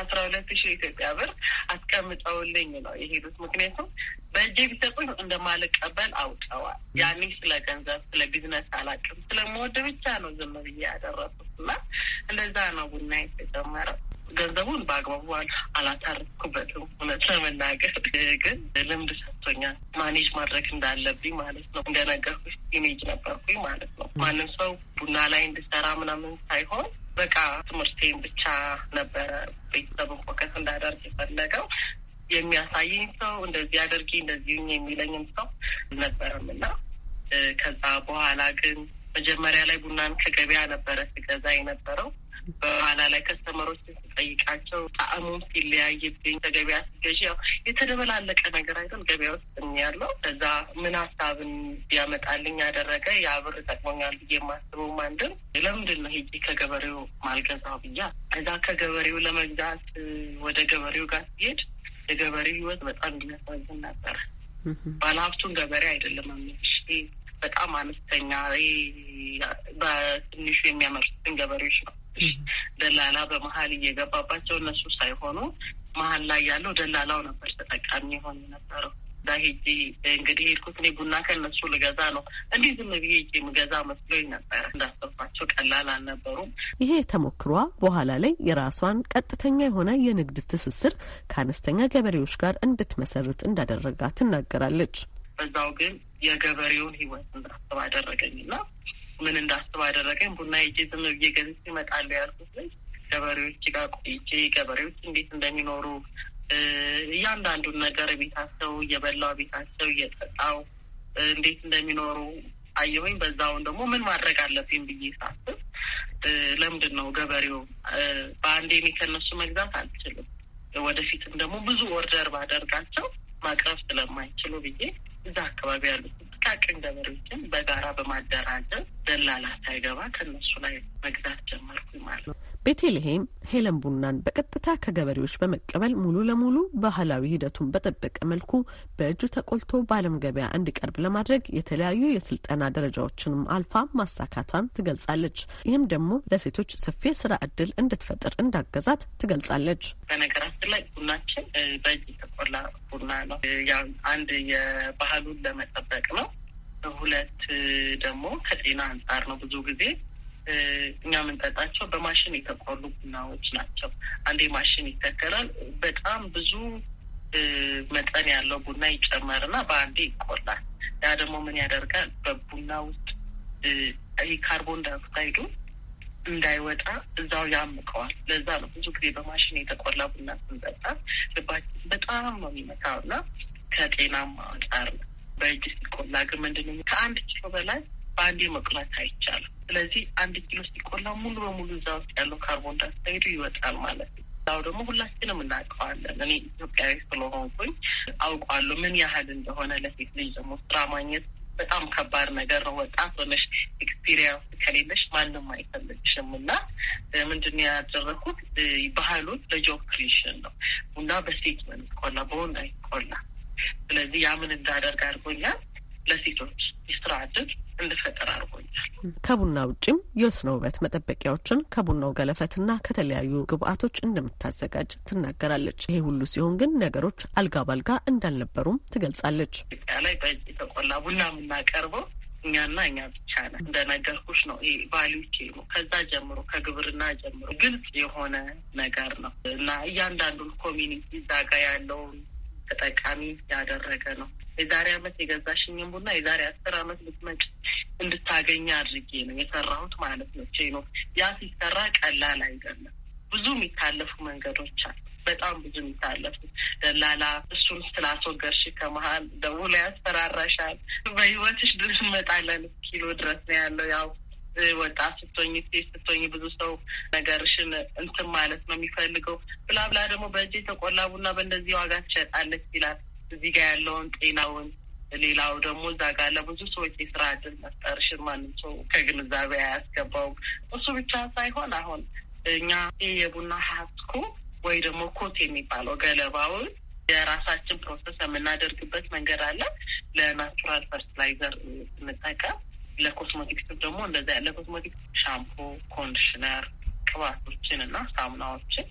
አስራ ሁለት ሺ ኢትዮጵያ ብር አስቀምጠውልኝ ነው የሄዱት። ምክንያቱም በእጄ ቢሰጡኝ እንደማልቀበል አውቀዋል። ያኔ ስለ ገንዘብ፣ ስለ ቢዝነስ አላውቅም። ስለምወድ ብቻ ነው ዝም ብዬ ያደረሱት እና እንደዛ ነው ቡና የተጀመረው። ገንዘቡን በአግባቡ አላታርኩበትም። እውነት ለመናገር ግን ልምድ ሰጥቶኛል፣ ማኔጅ ማድረግ እንዳለብኝ ማለት ነው። እንደነገርኩ ኢሜጅ ነበርኩኝ ማለት ነው። ማንም ሰው ቡና ላይ እንድሰራ ምናምን ሳይሆን በቃ ትምህርቴን ብቻ ነበረ ቤተሰብን ፎከስ እንዳደርግ የፈለገው የሚያሳየኝ ሰው እንደዚህ አድርጊ እንደዚህ የሚለኝም ሰው አልነበረም እና ከዛ በኋላ ግን መጀመሪያ ላይ ቡናን ከገበያ ነበረ ስገዛ የነበረው በኋላ ላይ ከስተመሮች ስጠይቃቸው ጣዕሙም ሲለያይብኝ ከገበያ ስትገዢ ያው የተደበላለቀ ነገር አይደል ገበያ ውስጥ ያለው። ከዛ ምን ሀሳብን ያመጣልኝ ያደረገ ያ ብር ጠቅሞኛል ብዬ የማስበው አንድም ለምንድን ነው ሄጂ ከገበሬው ማልገዛው ብያ እዛ ከገበሬው ለመግዛት ወደ ገበሬው ጋር ሲሄድ የገበሬው ህይወት በጣም እንዲመሳዝን ነበረ። ባለሀብቱን ገበሬ አይደለም የሚልሽ በጣም አነስተኛ በትንሹ የሚያመርቱትን ገበሬዎች ነው ትንሽ ደላላ በመሀል እየገባባቸው እነሱ ሳይሆኑ መሀል ላይ ያለው ደላላው ነበር ተጠቃሚ የሆነ ነበረው። እዛ እንግዲህ ሄድኩት። እኔ ቡና ከነሱ ልገዛ ነው እንዲህ ዝም ብዬ ሄጄ ምገዛ መስሎኝ ነበረ። እንዳሰባቸው ቀላል አልነበሩም። ይሄ ተሞክሯ በኋላ ላይ የራሷን ቀጥተኛ የሆነ የንግድ ትስስር ከአነስተኛ ገበሬዎች ጋር እንድትመሰርት እንዳደረጋ ትናገራለች። በዛው ግን የገበሬውን ህይወት እንዳስብ አደረገኝና ምን እንዳስብ አደረገኝ። ቡና ሄጄ ዝም ብዬ ገዝቼ እመጣለሁ ያልኩት ልጅ ገበሬዎች ጋር ቆይቼ ገበሬዎች እንዴት እንደሚኖሩ እያንዳንዱን ነገር ቤታቸው እየበላው ቤታቸው እየጠጣው እንዴት እንደሚኖሩ አየሁኝ። በዛውን ደግሞ ምን ማድረግ አለብኝ ብዬ ሳስብ ለምንድን ነው ገበሬው በአንዴ እኔ ከነሱ መግዛት አልችልም፣ ወደፊትም ደግሞ ብዙ ኦርደር ባደርጋቸው ማቅረብ ስለማይችሉ ብዬ እዛ አካባቢ ያሉት ጥቃቅን ገበሬዎችን በጋራ በማደራጀት ደላላ ሳይገባ ከነሱ ላይ መግዛት ጀመርኩ ማለት ነው። ቤቴልሄም ሄለን ቡናን በቀጥታ ከገበሬዎች በመቀበል ሙሉ ለሙሉ ባህላዊ ሂደቱን በጠበቀ መልኩ በእጁ ተቆልቶ በዓለም ገበያ እንዲቀርብ ለማድረግ የተለያዩ የስልጠና ደረጃዎችንም አልፋ ማሳካቷን ትገልጻለች። ይህም ደግሞ ለሴቶች ሰፊ የስራ እድል እንድትፈጥር እንዳገዛት ትገልጻለች። በነገራችን ላይ ቡናችን በእጅ የተቆላ ቡና ነው። አንድ የባህሉን ለመጠበቅ ነው። ሁለት ደግሞ ከጤና አንጻር ነው። ብዙ ጊዜ እኛ የምንጠጣቸው በማሽን የተቆሉ ቡናዎች ናቸው። አንዴ ማሽን ይተከላል። በጣም ብዙ መጠን ያለው ቡና ይጨመርና በአንዴ ይቆላል። ያ ደግሞ ምን ያደርጋል? በቡና ውስጥ ካርቦን ዳይኦክሳይዱ እንዳይወጣ እዛው ያምቀዋል። ለዛ ነው ብዙ ጊዜ በማሽን የተቆላ ቡና ስንጠጣ ልባችን በጣም ነው የሚመታው እና ከጤናማ አንጻር ነው። በእጅ ሲቆላ ግን ምንድን ነው ከአንድ ኪሎ በላይ በአንዴ መቁላት አይቻልም። ስለዚህ አንድ ኪሎ ሲቆላ ሙሉ በሙሉ እዛ ውስጥ ያለው ካርቦን ዳይኦክሳይዱ ይወጣል ማለት ነው። ያው ደግሞ ሁላችንም እናውቀዋለን። እኔ ኢትዮጵያዊ ስለሆንኩኝ አውቀዋለሁ ምን ያህል እንደሆነ። ለሴት ልጅ ደግሞ ስራ ማግኘት በጣም ከባድ ነገር ነው። ወጣት ሆነሽ ኤክስፒሪየንስ ከሌለሽ ማንም አይፈልግሽም። እና ምንድነው ያደረኩት ባህሉን ለጆብ ክሪሽን ነው። ቡና በሴት ምን ይቆላ፣ በወንድ አይቆላ። ስለዚህ ያምን እንዳደርግ አድርጎኛል። ለሴቶች የስራ እድል እንድፈጠር አድርጎኛል። ከቡና ውጭም የወስነ ውበት መጠበቂያዎችን ከቡናው ገለፈትና ከተለያዩ ግብአቶች እንደምታዘጋጅ ትናገራለች። ይሄ ሁሉ ሲሆን ግን ነገሮች አልጋ ባልጋ እንዳልነበሩም ትገልጻለች። ኢትዮጵያ ላይ በእጅ የተቆላ ቡና የምናቀርበው እኛና እኛ ብቻ ነን። እንደነገርኩሽ ነው። ይሄ ቫሊዩቼ ነው። ከዛ ጀምሮ ከግብርና ጀምሮ ግልጽ የሆነ ነገር ነው እና እያንዳንዱን ኮሚኒቲ እዛ ጋ ያለውን ተጠቃሚ ያደረገ ነው። የዛሬ አመት የገዛሽኝን ቡና የዛሬ አስር አመት ልትመጭ እንድታገኝ አድርጌ ነው የሰራሁት ማለት ነው። ቼ ነው ያ ሲሰራ ቀላል አይደለም። ብዙ የሚታለፉ መንገዶች አሉ። በጣም ብዙ የሚታለፉ ደላላ፣ እሱን ስላስወገርሽ ከመሀል ደውሎ ያስፈራራሻል። በህይወትሽ ድረስ እንመጣለን ኪሎ ድረስ ነው ያለው ያው ወጣት ስትሆኝ ሴት ስትሆኝ ብዙ ሰው ነገርሽን እንትን ማለት ነው የሚፈልገው። ብላ ብላ ደግሞ በእጅ የተቆላ ቡና በእንደዚህ ዋጋ ትሸጣለች ይላል። እዚህ ጋር ያለውን ጤናውን፣ ሌላው ደግሞ እዛ ጋር ለብዙ ሰዎች የስራ እድል መፍጠርሽን ማንም ሰው ከግንዛቤ አያስገባውም። እሱ ብቻ ሳይሆን አሁን እኛ የቡና ሀስኩ ወይ ደግሞ ኮት የሚባለው ገለባውን የራሳችን ፕሮሰስ የምናደርግበት መንገድ አለ። ለናቹራል ፈርትላይዘር ስንጠቀም ለኮስሞቲክስ ደግሞ እንደዚ ለኮስሞቲክስ ሻምፖ፣ ኮንዲሽነር፣ ቅባቶችን እና ሳሙናዎችን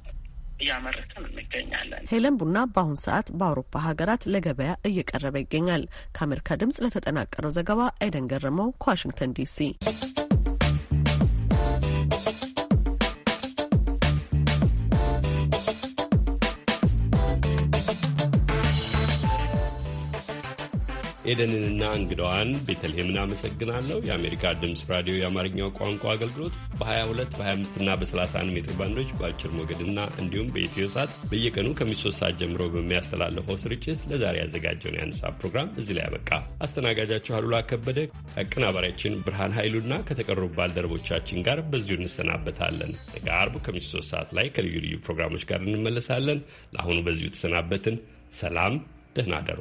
እያመረትን እንገኛለን። ሄለን ቡና በአሁን ሰዓት በአውሮፓ ሀገራት ለገበያ እየቀረበ ይገኛል። ከአሜሪካ ድምጽ ለተጠናቀረው ዘገባ አይደን ገረመው ከዋሽንግተን ዲሲ ኤደንንና እንግዳዋን ቤተልሔምን አመሰግናለሁ። የአሜሪካ ድምፅ ራዲዮ የአማርኛው ቋንቋ አገልግሎት በ22 በ25ና በ31 ሜትር ባንዶች በአጭር ሞገድና እንዲሁም በኢትዮ ሳት በየቀኑ ከምሽቱ ሶስት ሰዓት ጀምሮ በሚያስተላልፈው ስርጭት ለዛሬ ያዘጋጀውን ያነሳ ፕሮግራም እዚህ ላይ ያበቃ። አስተናጋጃችሁ አሉላ ከበደ አቀናባሪያችን ብርሃን ኃይሉና ከተቀሩ ባልደረቦቻችን ጋር በዚሁ እንሰናበታለን። ነገ አርብ ከምሽቱ ሰዓት ላይ ከልዩ ልዩ ፕሮግራሞች ጋር እንመለሳለን። ለአሁኑ በዚሁ ተሰናበትን። ሰላም፣ ደህና አደሩ።